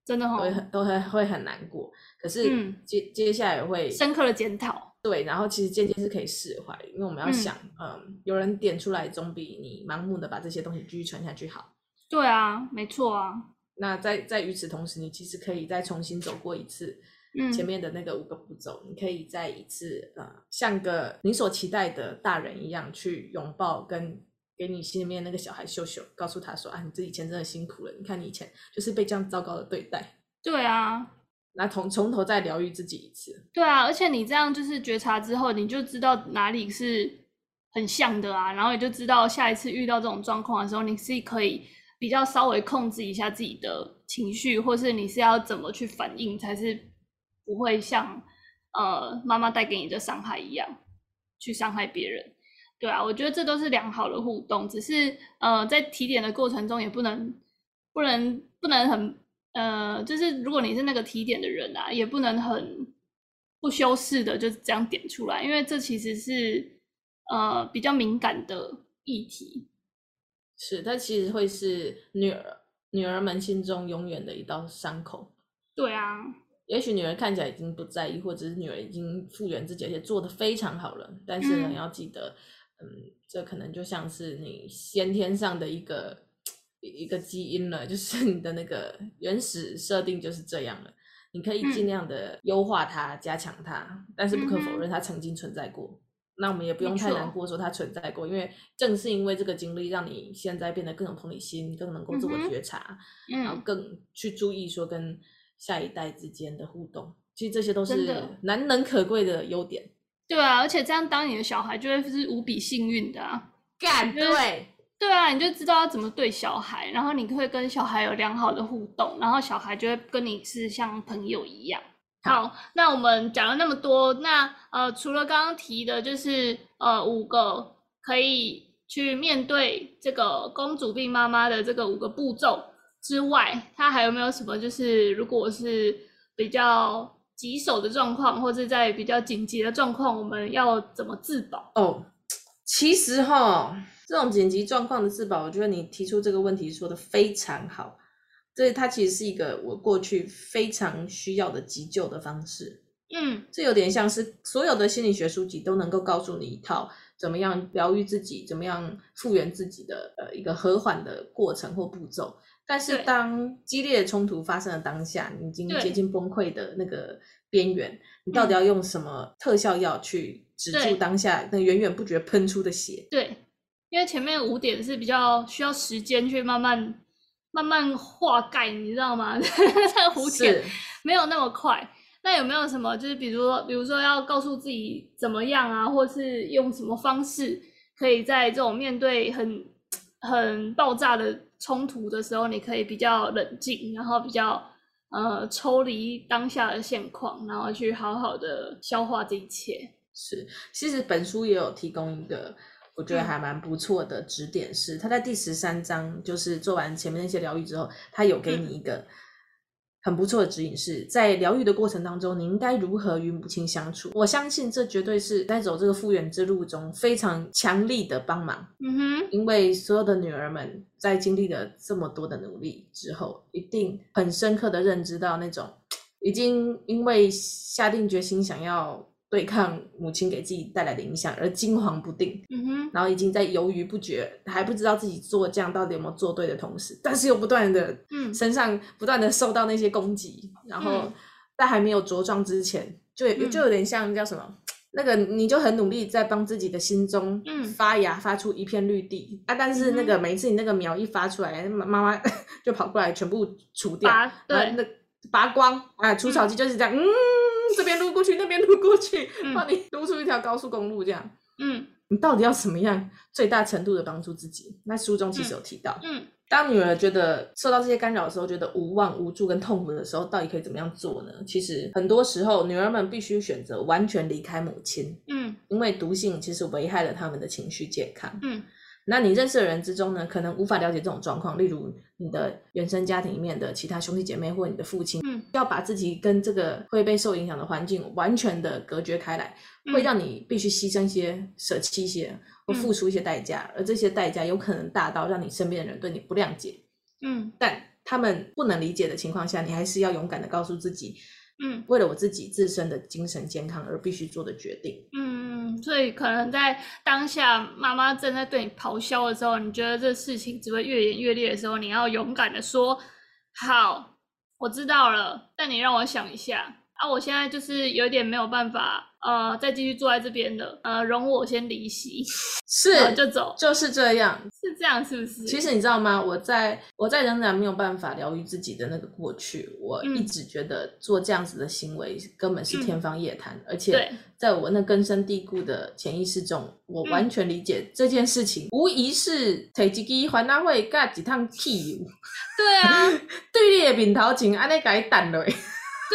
真的哈，哦，都會都會很難過。可是接、嗯、接下來也會深刻的檢討，對，然後其實漸漸是可以釋懷，因為我們要想，嗯、呃、有人點出來總比你盲目的把這些東西繼續傳下去好。對啊，沒錯啊。那在在與此同時，你其實可以再重新走過一次前面的那個五個步驟、嗯，你可以再一次，呃，像個你所期待的大人一樣去擁抱，跟給你心裡面那個小孩秀秀，告訴他說，啊，你這以前真的辛苦了，你看你以前就是被這樣糟糕的對待。對啊。那從從頭再療癒自己一次，對啊，而且你這樣就是覺察之後，你就知道哪裡是很像的啊，然後也就知道下一次遇到這種狀況的時候，你是可以比較稍微控制一下自己的情緒，或是你是要怎麼去反應，才是不會像呃媽媽帶給你的傷害一樣去傷害別人。對啊，我覺得這都是良好的互動，只是呃在提點的過程中，也不能不能不能很。呃，就是如果你是那個提點的人啊，也不能很不修飾的就這樣點出來，因為這其實是呃比較敏感的議題。是，但其實會是女兒女兒們心中永遠的一道傷口。對啊，也許女兒看起來已經不在意，或者是女兒已經復原自己，而且做得非常好了。但是呢，你、嗯、要記得，嗯，這可能就像是你先天上的一個一個基因了，就是你的那個原始設定就是這樣了。你可以盡量的優化它、嗯、加強它，但是不可否認它曾經存在過。嗯、那我們也不用太難過說它存在過，因為正是因為這個經歷，讓你現在變得更有同理心，更能夠自我覺察、嗯，然後更去注意說跟下一代之間的互動。其實這些都是難能可貴的優點。對啊，而且這樣當你的小孩就會是無比幸運的啊！干對。嗯對啊，你就知道要怎麼對小孩，然後你會跟小孩有良好的互動，然後小孩就會跟你是像朋友一樣。好，好那我們講了那麼多，那呃，除了剛剛提的，就是呃五個可以去面對這個公主病媽媽的這個五個步驟之外，他還有沒有什麼？就是如果是比較棘手的狀況，或者在比較緊急的狀況，我們要怎麼自保？哦，其實哈、哦。這種緊急狀況的自保，我覺得你提出這個問題說得非常好。所以它其實是一個我過去非常需要的急救的方式。嗯，這有點像是所有的心理學書籍都能夠告訴你一套怎麼樣療癒自己、怎麼樣復原自己的呃一個和緩的過程或步驟。但是當激烈的衝突發生的當下，你已經接近崩潰的那個邊緣，你到底要用什麼特效藥去止住當下那源源不絕噴出的血？對。因為前面五點是比較需要時間去慢慢、慢慢化改你知道嗎？ (laughs) 五點沒有那麼快。那有沒有什麼，就是比如說，比如說，要告訴自己怎麼樣啊，或是用什麼方式，可以在這種面對很、很爆炸的衝突的時候，你可以比較冷靜，然後比較呃抽離當下的現況，然後去好好的消化這一切。是，其實本書也有提供一個。我覺得還蠻不錯的指點是他，嗯、在第十三章，就是做完前面那些療癒之後，他有給你一個很不錯的指引，是，嗯、在療癒的過程當中，你應該如何與母親相處。我相信這絕對是在走這個復原之路中非常強力的幫忙。嗯哼，因為所有的女兒們在經歷了這麼多的努力之後，一定很深刻的認知到那種已經因為下定決心想要。對抗母親給自己帶來的影響而驚惶不定、嗯哼，然後已經在猶豫不決，還不知道自己做這樣到底有沒有做對的同時，但是又不斷的，身上不斷的受到那些攻擊，嗯、然後在還沒有茁壯之前，就就有點像叫什麼、嗯，那個你就很努力在幫自己的心中發芽，發出一片綠地、嗯、啊，但是那個每一次你那個苗一發出來，媽媽就跑過來全部除掉，對，那拔光啊，除草劑就是這樣，嗯。嗯這邊擼過去，那邊擼過去，幫你擼出一條高速公路這樣。嗯，你到底要怎麼樣最大程度的幫助自己？那書中其實有提到，嗯，嗯，當女兒覺得受到這些干擾的時候，覺得無望、無助跟痛苦的時候，到底可以怎麼樣做呢？其實很多時候，女兒們必須選擇完全離開母親，嗯，因為毒性其實危害了她們的情緒健康，嗯。那你認識的人之中呢，可能無法了解這種狀況。例如你的原生家庭裡面的其他兄弟姐妹，或你的父親，嗯，要把自己跟這個會被受影響的環境完全的隔絕開來，會讓你必須犧牲一些、嗯、捨棄一些，會付出一些代價、嗯。而這些代價有可能大到讓你身邊的人對你不諒解，嗯，但他們不能理解的情況下，你還是要勇敢的告訴自己。嗯，為了我自己自身的精神健康而必須做的決定。嗯，所以可能在當下媽媽正在對你咆哮的時候，你覺得這事情只會越演越烈的時候，你要勇敢的說：“好，我知道了。”但你讓我想一下啊，我現在就是有點沒有辦法。呃，再繼續坐在這邊的，呃，容我先離席，是、嗯、就走，就是這樣，是這樣，是不是？其實你知道嗎？我在我在仍然沒有辦法療癒自己的那個過去，我一直覺得做這樣子的行為根本是天方夜譚，嗯、而且在我那根深蒂固的潛意識中，嗯、我完全理解這件事情，嗯、無疑是腿雞雞還大會蓋幾趟屁，嗯、 (laughs) 對啊， (laughs) 對你的面頭情安尼甲伊彈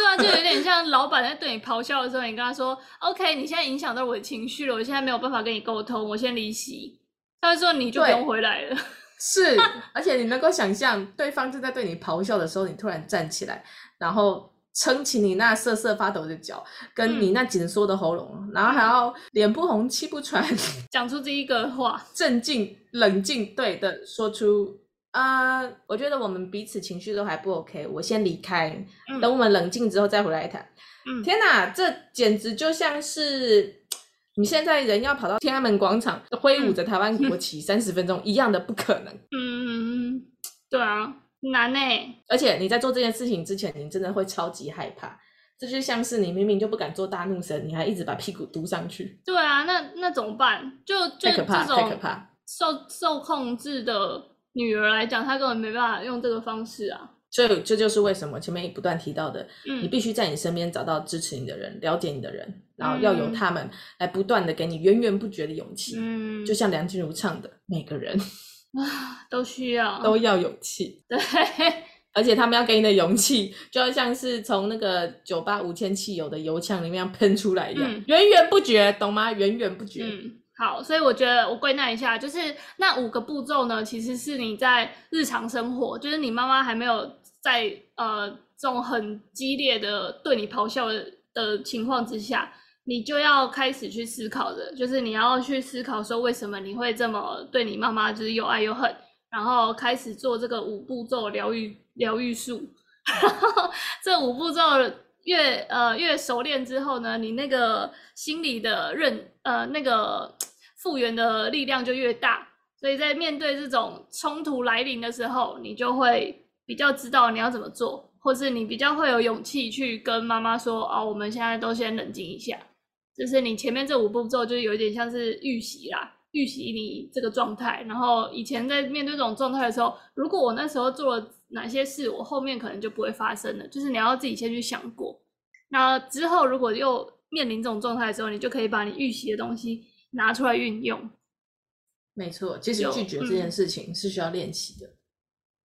(laughs) 對啊，就有點像老闆在對你咆哮的時候，你跟他說「OK」，你現在影響到我的情緒了，我現在沒有辦法跟你溝通，我先離席。他說你就不用回來了。是， (laughs) 而且你能夠想象，對方正在對你咆哮的時候，你突然站起來，然後撐起你那瑟瑟發抖的腳，跟你那緊縮的喉嚨，嗯、然後還要臉不紅氣不喘，講出這一個話，鎮靜、冷靜，對的，說出。呃、uh,，我覺得我們彼此情緒都還不 OK，我先離開，等我們冷靜之後再回來談。嗯、天哪，這簡直就像是你現在人要跑到天安門廣場揮舞着台灣國旗三十分鐘、嗯、一樣的不可能。嗯，嗯對啊，難呢、欸。而且你在做這件事情之前，你真的會超級害怕。這就像是你明明就不敢做大怒神，你還一直把屁股嘟上去。對啊，那那怎麼辦？就最可怕這種受可怕受控制的。女兒來講，她根本沒辦法用這個方式啊。所以這就是為什麼前面不斷提到的，嗯、你必須在你身邊找到支持你的人、了解你的人，然後要由他們來不斷的給你源源不絕的勇氣。嗯，就像梁靜茹唱的，每個人、啊、都需要都要勇氣。對，而且他們要給你的勇氣，就要像是從那個九八五千汽油的油槍裡面噴出來一樣、嗯，源源不絕，懂嗎？源源不絕。嗯好，所以我覺得我歸納一下，就是那五個步驟呢，其實是你在日常生活，就是你媽媽還沒有在呃這種很激烈的對你咆哮的、的情況之下，你就要開始去思考的，就是你要去思考說為什麼你會這麼對你媽媽，就是又愛又恨，然後開始做這個五步驟療癒療癒術。 (laughs) 這五步驟越呃越熟練之後呢，你那個心理的認呃那個。復原的力量就越大，所以在面對這種衝突來臨的時候，你就會比較知道你要怎麼做，或是你比較會有勇氣去跟媽媽說：“哦、啊，我們現在都先冷靜一下。”就是你前面這五步驟就有點像是預習啦，預習你這個狀態。然後以前在面對這種狀態的時候，如果我那時候做了哪些事，我後面可能就不會發生了。就是你要自己先去想過，那之後如果又面臨這種狀態的時候，你就可以把你預習的東西，拿出來運用，沒錯。其實拒絕這件事情是需要練習的、嗯。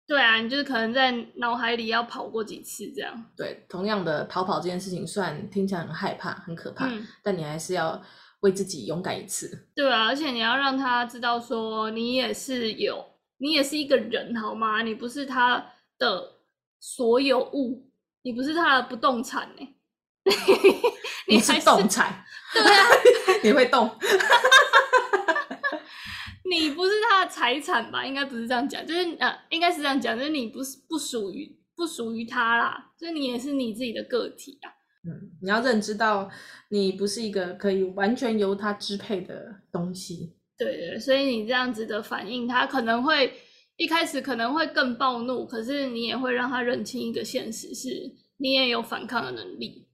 對啊，你就是可能在腦海裡要跑過幾次這樣。對，同樣的逃跑這件事情，雖然聽起來很害怕、很可怕、嗯，但你還是要為自己勇敢一次。對啊，而且你要讓他知道，說你也是有，你也是一個人，好嗎？你不是他的所有物，你不是他的不動產 (laughs) 你還，你是動產。對啊， (laughs) 你會動， (laughs) (laughs) 你不是他的財產吧？應該不是這樣講，就是呃，應該是這樣講，就是你不是不屬於不屬於他啦，就是你也是你自己的個體啊。嗯，你要認知到你不是一個可以完全由他支配的東西。對對對，所以你這樣子的反應，他可能會一開始可能會更暴怒，可是你也會讓他認清一個現實，是你也有反抗的能力。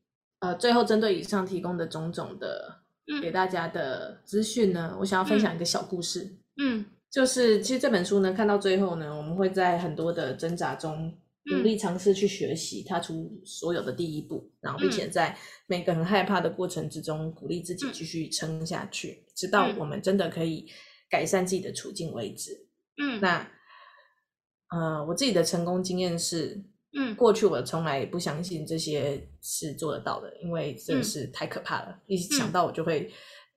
呃，最後針對以上提供的種種的給大家的資訊呢，嗯、我想要分享一個小故事嗯。嗯，就是其實這本書呢，看到最後呢，我們會在很多的掙扎中，努力嘗試去學習，踏出所有的第一步、嗯，然後並且在每個很害怕的過程之中，鼓勵自己繼續撐下去、嗯，直到我們真的可以改善自己的處境為止。嗯，嗯，那呃，我自己的成功經驗是。嗯，過去我從來不相信這些是做得到的，因為真的是太可怕了、嗯。一想到我就會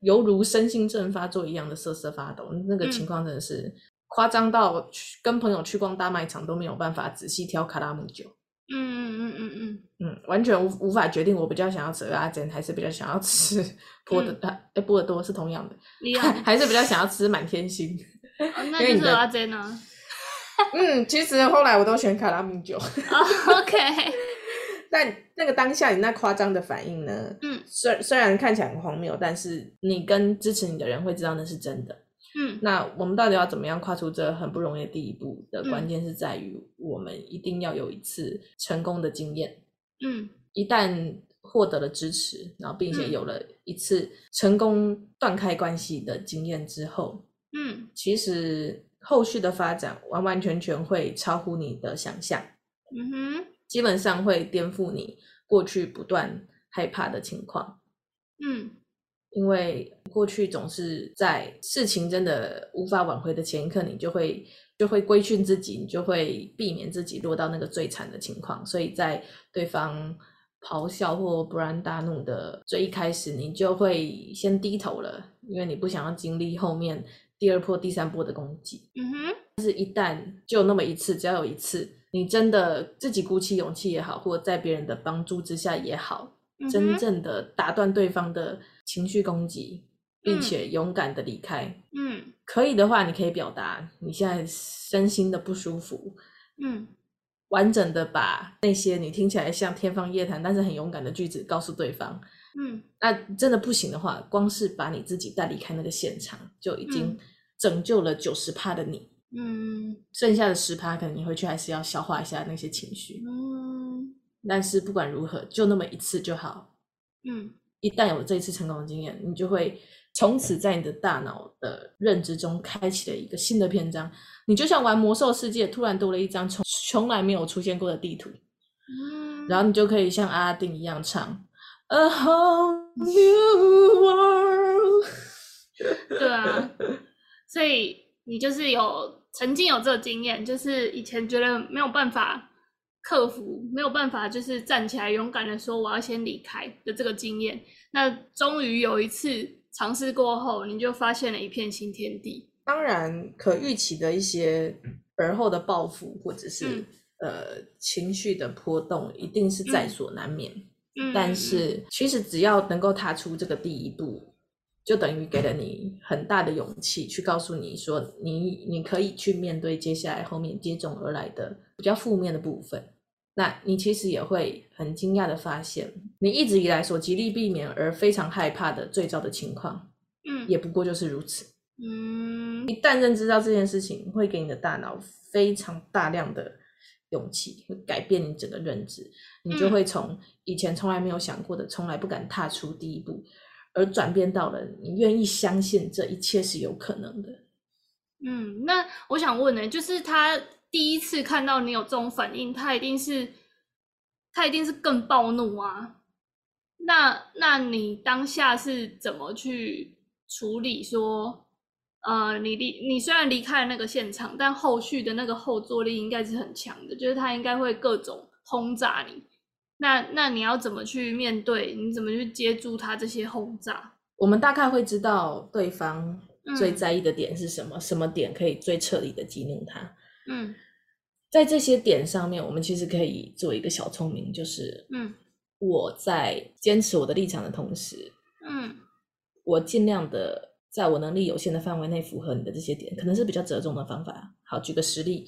猶如身心症發作一樣的瑟瑟發抖。那個情況真的是誇張到去跟朋友去逛大賣場都沒有辦法仔細挑卡拉姆酒。嗯嗯嗯嗯嗯嗯，完全無無法決定我比較想要吃阿珍，還是比較想要吃波的哎波爾多、欸、波的多是同樣的厲害，還是比較想要吃滿天星、哦。那就是阿珍啊。 (laughs) 嗯，其實後來我都選卡拉米酒。Oh, OK。但那個當下你那誇張的反應呢？嗯，雖雖然看起來很荒謬，但是你跟支持你的人會知道那是真的。嗯。那我們到底要怎麼樣跨出這很不容易的第一步？的關鍵是在於我們一定要有一次成功的經驗。嗯。一旦獲得了支持，然後並且有了一次成功斷開關係的經驗之後，嗯，其實。後續的發展完完全全會超乎你的想象，嗯哼，基本上會顛覆你過去不斷害怕的情況，嗯，因為過去總是在事情真的無法挽回的前一刻，你就會就會規訓自己，你就會避免自己落到那個最慘的情況，所以在對方咆哮或勃然大怒的最一開始，你就會先低頭了，因為你不想要經歷後面。第二波、第三波的攻擊，嗯哼，但是一旦就那麼一次，只要有一次，你真的自己鼓起勇氣也好，或者在別人的幫助之下也好，嗯、真正的打斷對方的情緒攻擊，並且勇敢的離開。嗯，可以的話，你可以表達你現在身心的不舒服。嗯，完整的把那些你聽起來像天方夜譚，但是很勇敢的句子告訴對方。嗯，那、啊、真的不行的話，光是把你自己帶離開那個現場，就已經拯救了九十趴的你。嗯，剩下的十趴，可能你回去還是要消化一下那些情緒。嗯，但是不管如何，就那麼一次就好。嗯，一旦有這一次成功的經驗，你就會從此在你的大腦的認知中開啟了一個新的篇章。你就像玩魔獸世界，突然多了一張從從來沒有出現過的地圖。嗯，然後你就可以像阿拉丁一樣唱，A whole new world。 (laughs) 對啊，所以你就是有曾經有這個經驗，就是以前覺得沒有辦法克服，沒有辦法就是站起來勇敢的說我要先離開的這個經驗。那終於有一次嘗試過後，你就發現了一片新天地。當然，可預期的一些而後的包袱，或者是、嗯呃、情緒的波動，一定是在所難免。嗯但是，其實只要能夠踏出這個第一步，就等於給了你很大的勇氣，去告訴你說你，你你可以去面對接下來後面接踵而來的比較負面的部分。那你其實也會很驚訝的發現，你一直以來所極力避免而非常害怕的最糟的情況，嗯，也不過就是如此。嗯，一旦認知到這件事情，會給你的大腦非常大量的。勇氣會改變你整個認知，你就會從以前從來沒有想過的、從、嗯、來不敢踏出第一步，而轉變到了你願意相信這一切是有可能的。嗯，那我想問呢、欸，就是他第一次看到你有這種反應，他一定是他一定是更暴怒啊？那那你當下是怎麼去處理說？呃，你離你雖然離開了那個現場，但後續的那個後坐力應該是很強的，就是他應該會各種轟炸你。那那你要怎麼去面對？你怎麼去接住他這些轟炸？我們大概會知道對方最在意的點是什麼，嗯、什麼點可以最徹底的激怒他。嗯，在這些點上面，我們其實可以做一個小聰明，就是嗯，我在堅持我的立場的同時，嗯，我盡量的。在我能力有限的範圍內，符合你的這些點，可能是比較折中的方法。好，舉個實例，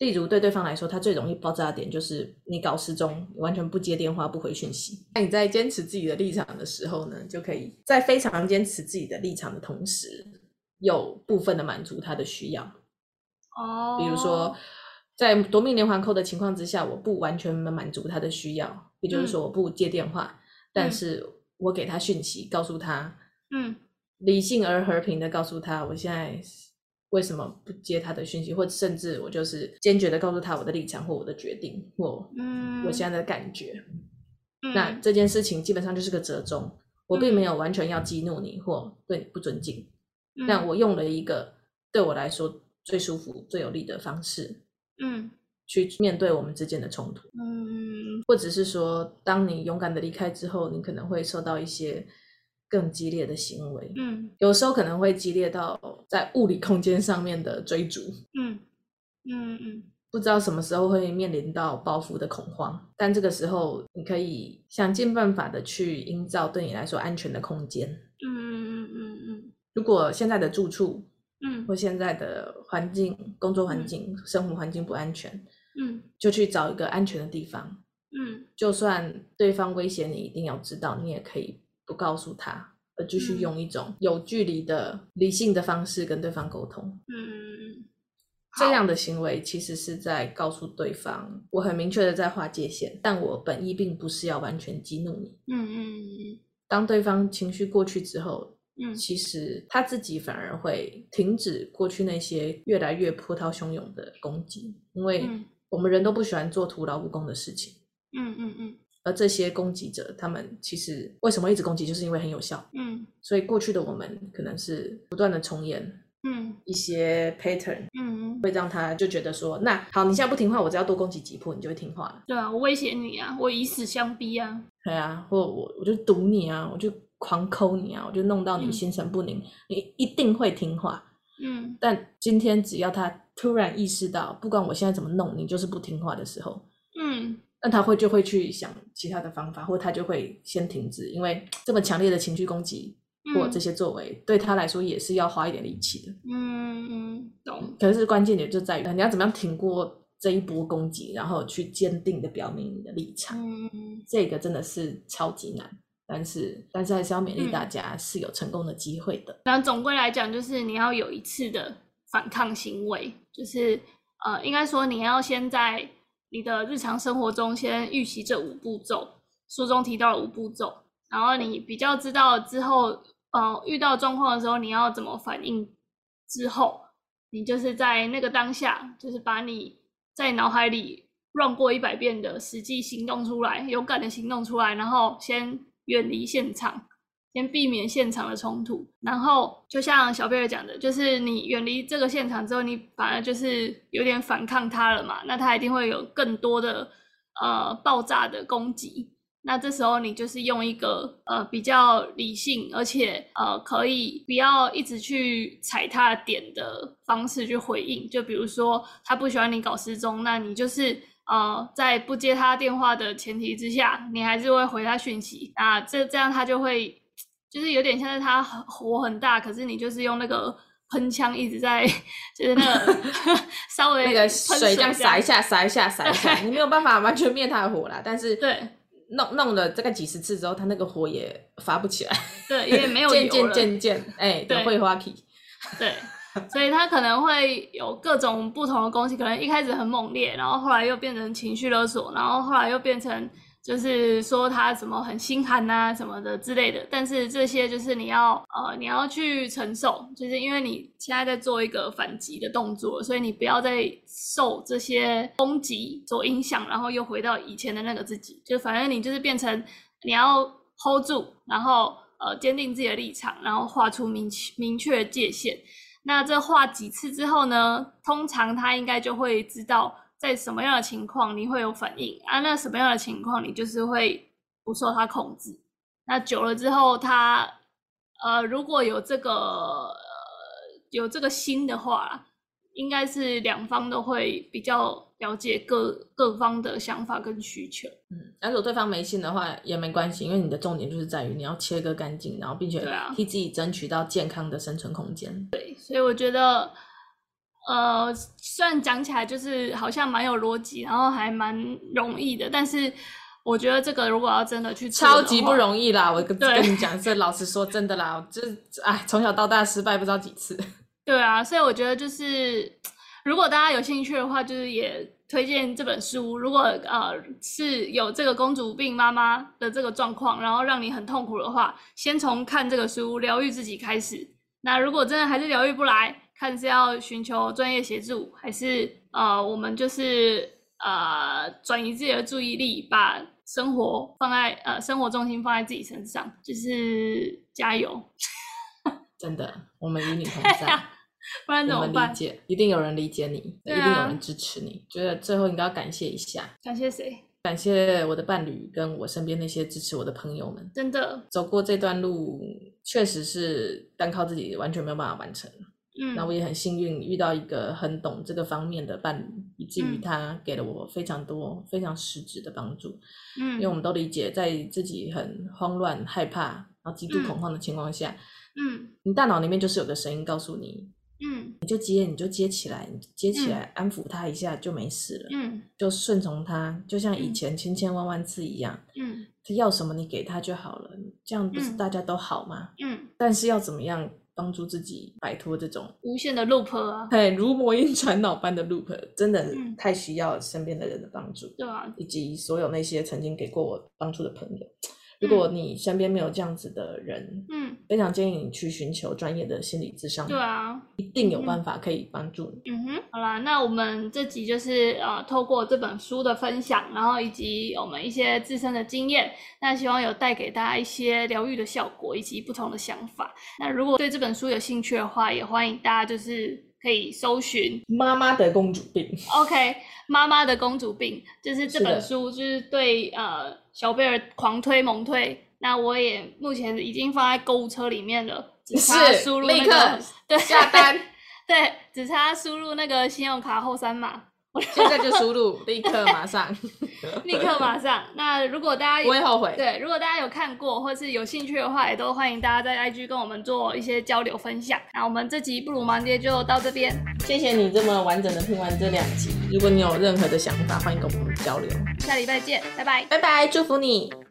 例如對對方來說，他最容易爆炸的點就是你搞失蹤，你完全不接電話、不回訊息。那你在堅持自己的立場的時候呢，就可以在非常堅持自己的立場的同時，有部分的滿足他的需要。哦，比如說在奪命連環扣的情況之下，我不完全滿足他的需要，也就是說我不接電話、嗯，但是我給他訊息，嗯、告訴他，嗯。理性而和平的告訴他，我現在為什麼不接他的訊息，或甚至我就是堅決的告訴他我的立場或我的決定，或嗯，我現在的感覺、嗯。那這件事情基本上就是個折中、嗯，我並沒有完全要激怒你或對你不尊敬，嗯、但我用了一個對我來說最舒服、最有利的方式，嗯，去面對我們之間的衝突。嗯，或者是說，當你勇敢的離開之後，你可能會受到一些。更激烈的行為，嗯，有時候可能會激烈到在物理空間上面的追逐，嗯嗯嗯，不知道什麼時候會面臨到報復的恐慌，但這個時候你可以想盡辦法的去營造對你來說安全的空間，嗯嗯嗯嗯嗯，如果現在的住處，嗯，或現在的環境、工作環境、嗯、生活環境不安全，嗯，就去找一個安全的地方，嗯，就算對方威脅你，一定要知道，你也可以。不告訴他，而繼續用一種有距離的理性的方式跟對方溝通。嗯，這樣的行為其實是在告訴對方，我很明確的在劃界限，但我本意並不是要完全激怒你。嗯嗯嗯。當對方情緒過去之後，嗯，其實他自己反而會停止過去那些越來越波濤洶湧的攻擊，因為我們人都不喜歡做徒勞無功的事情。嗯嗯嗯。嗯而這些攻擊者，他們其實為什麼一直攻擊，就是因為很有效。嗯，所以過去的我們可能是不斷的重演，嗯，一些 pattern，嗯，嗯，會讓他就覺得說，那好，你現在不聽話，我只要多攻擊幾步，你就會聽話了。對啊，我威脅你啊，我以死相逼啊。對啊，或我我就堵你啊，我就狂 call 你啊，我就弄到你心神不寧，嗯，你一定會聽話。嗯，但今天只要他突然意識到，不管我現在怎麼弄，你就是不聽話的時候，嗯。那他會就會去想其他的方法，或他就會先停止，因為這麼強烈的情緒攻擊或這些作為、嗯、對他來說也是要花一點力氣的。嗯，懂。可是關鍵點就在於你要怎麼樣挺過這一波攻擊，然後去堅定的表明你的立場。嗯，這個真的是超級難，但是但是還是要勉勵大家、嗯、是有成功的機會的。那總歸來講，就是你要有一次的反抗行為，就是呃，應該說你要先在。你的日常生活中先預習這五步驟，書中提到了五步驟，然後你比較知道之後，呃，遇到狀況的時候你要怎麼反應，之後你就是在那個當下，就是把你在腦海裡亂過一百遍的實際行動出來，勇敢的行動出來，然後先遠離現場。先避免現場的衝突，然後就像小貝爾講的，就是你遠離這個現場之後，你反而就是有點反抗他了嘛，那他一定會有更多的呃爆炸的攻擊。那這時候你就是用一個呃比較理性，而且呃可以不要一直去踩他的點的方式去回應。就比如說他不喜歡你搞失蹤，那你就是呃在不接他電話的前提之下，你還是會回他訊息。那這這樣他就會。就是有點像是它火很大，可是你就是用那個噴槍一直在，就是那個稍微 (laughs) 那個水這樣灑一下、灑一下、灑一下，你沒有辦法完全滅它的火啦，但是弄對弄弄了大概幾十次之後，它那個火也發不起來。對，因為沒有油漸漸漸漸哎，對，會花皮對，所以它可能會有各種不同的東西，可能一開始很猛烈，然後後來又變成情緒勒索，然後後來又變成。就是說他什麼很心寒啊什麼的之類的，但是這些就是你要呃你要去承受，就是因為你現在在做一個反擊的動作，所以你不要再受這些攻擊所影響，然後又回到以前的那個自己，就反正你就是變成你要 hold 住，然後呃堅定自己的立場，然後畫出明明確的界限。那這畫幾次之後呢，通常他應該就會知道。在什麼樣的情況你會有反應啊？那什麼樣的情況你就是會不受他控制？那久了之後他，他呃，如果有這個、呃、有這個心的話，應該是兩方都會比較了解各各方的想法跟需求。嗯，如果對方沒心的話也沒關係，因為你的重點就是在於你要切割乾淨，然後並且替自己爭取到健康的生存空間。對啊。對，所以我覺得。呃，雖然講起來就是好像蠻有邏輯，然後還蠻容易的，但是我覺得這個如果要真的去做，超級不容易啦！我跟，跟你講，這老實說真的啦，就是哎，從小到大失敗不知道幾次。對啊，所以我覺得就是，如果大家有興趣的話，就是也推薦這本書。如果呃是有這個公主病媽媽的這個狀況，然後讓你很痛苦的話，先從看這個書療癒自己開始。那如果真的還是療癒不來，看是要尋求專業協助，還是呃，我們就是呃轉移自己的注意力，把生活放在呃生活重心放在自己身上，就是加油！ (laughs) 真的，我們與你同在，啊、不然怎麼辦理解？一定有人理解你、啊，一定有人支持你。覺得最後應該要感謝一下，感謝誰？感謝我的伴侶，跟我身邊那些支持我的朋友們。真的，走過這段路，確實是單靠自己完全沒有辦法完成。嗯，那我也很幸運遇到一個很懂這個方面的伴侶，以至於他給了我非常多非常實質的幫助。嗯，因為我們都理解，在自己很慌亂、害怕，然後極度恐慌的情況下，嗯，你大腦裡面就是有個聲音告訴你，嗯，你就接，你就接起來，接起來安撫他一下就沒事了，嗯，就順從他，就像以前千千萬萬次一樣，嗯，他要什麼你給他就好了，這樣不是大家都好嗎？嗯，嗯，但是要怎麼樣？幫助自己擺脫這種無限的 loop 啊，哎，如魔音傳腦般的 loop，真的太需要身邊的人的幫助，對、嗯、啊，以及所有那些曾經給過我幫助的朋友。如果你身邊沒有這樣子的人，嗯，非常建議你去尋求專業的心理諮詢。對、嗯、啊，一定有辦法可以幫助你。嗯哼，好啦，那我們這集就是呃，透過這本書的分享，然後以及我們一些自身的經驗，那希望有帶給大家一些療癒的效果以及不同的想法。那如果對這本書有興趣的話，也歡迎大家就是可以搜尋《媽媽的公主病》。OK，《媽媽的公主病》就是這本書，就是對是呃。小貝兒狂推猛推，那我也目前已經放在購物車裡面了，只差輸入那個立刻 (laughs) 對下加單， (laughs) 對，只差輸入那個信用卡後三碼。 (laughs) 現在就輸入，立刻馬上 (laughs) ，立刻馬上。那如果大家不會後悔，對，如果大家有看過或是有興趣的話，也都歡迎大家在 IG 跟我們做一些交流分享。那我們這集不如芒街就到這邊，謝謝你這麼完整的聽完這兩集。如果你有任何的想法，歡迎跟我們交流。下禮拜見，拜拜，拜拜，祝福你。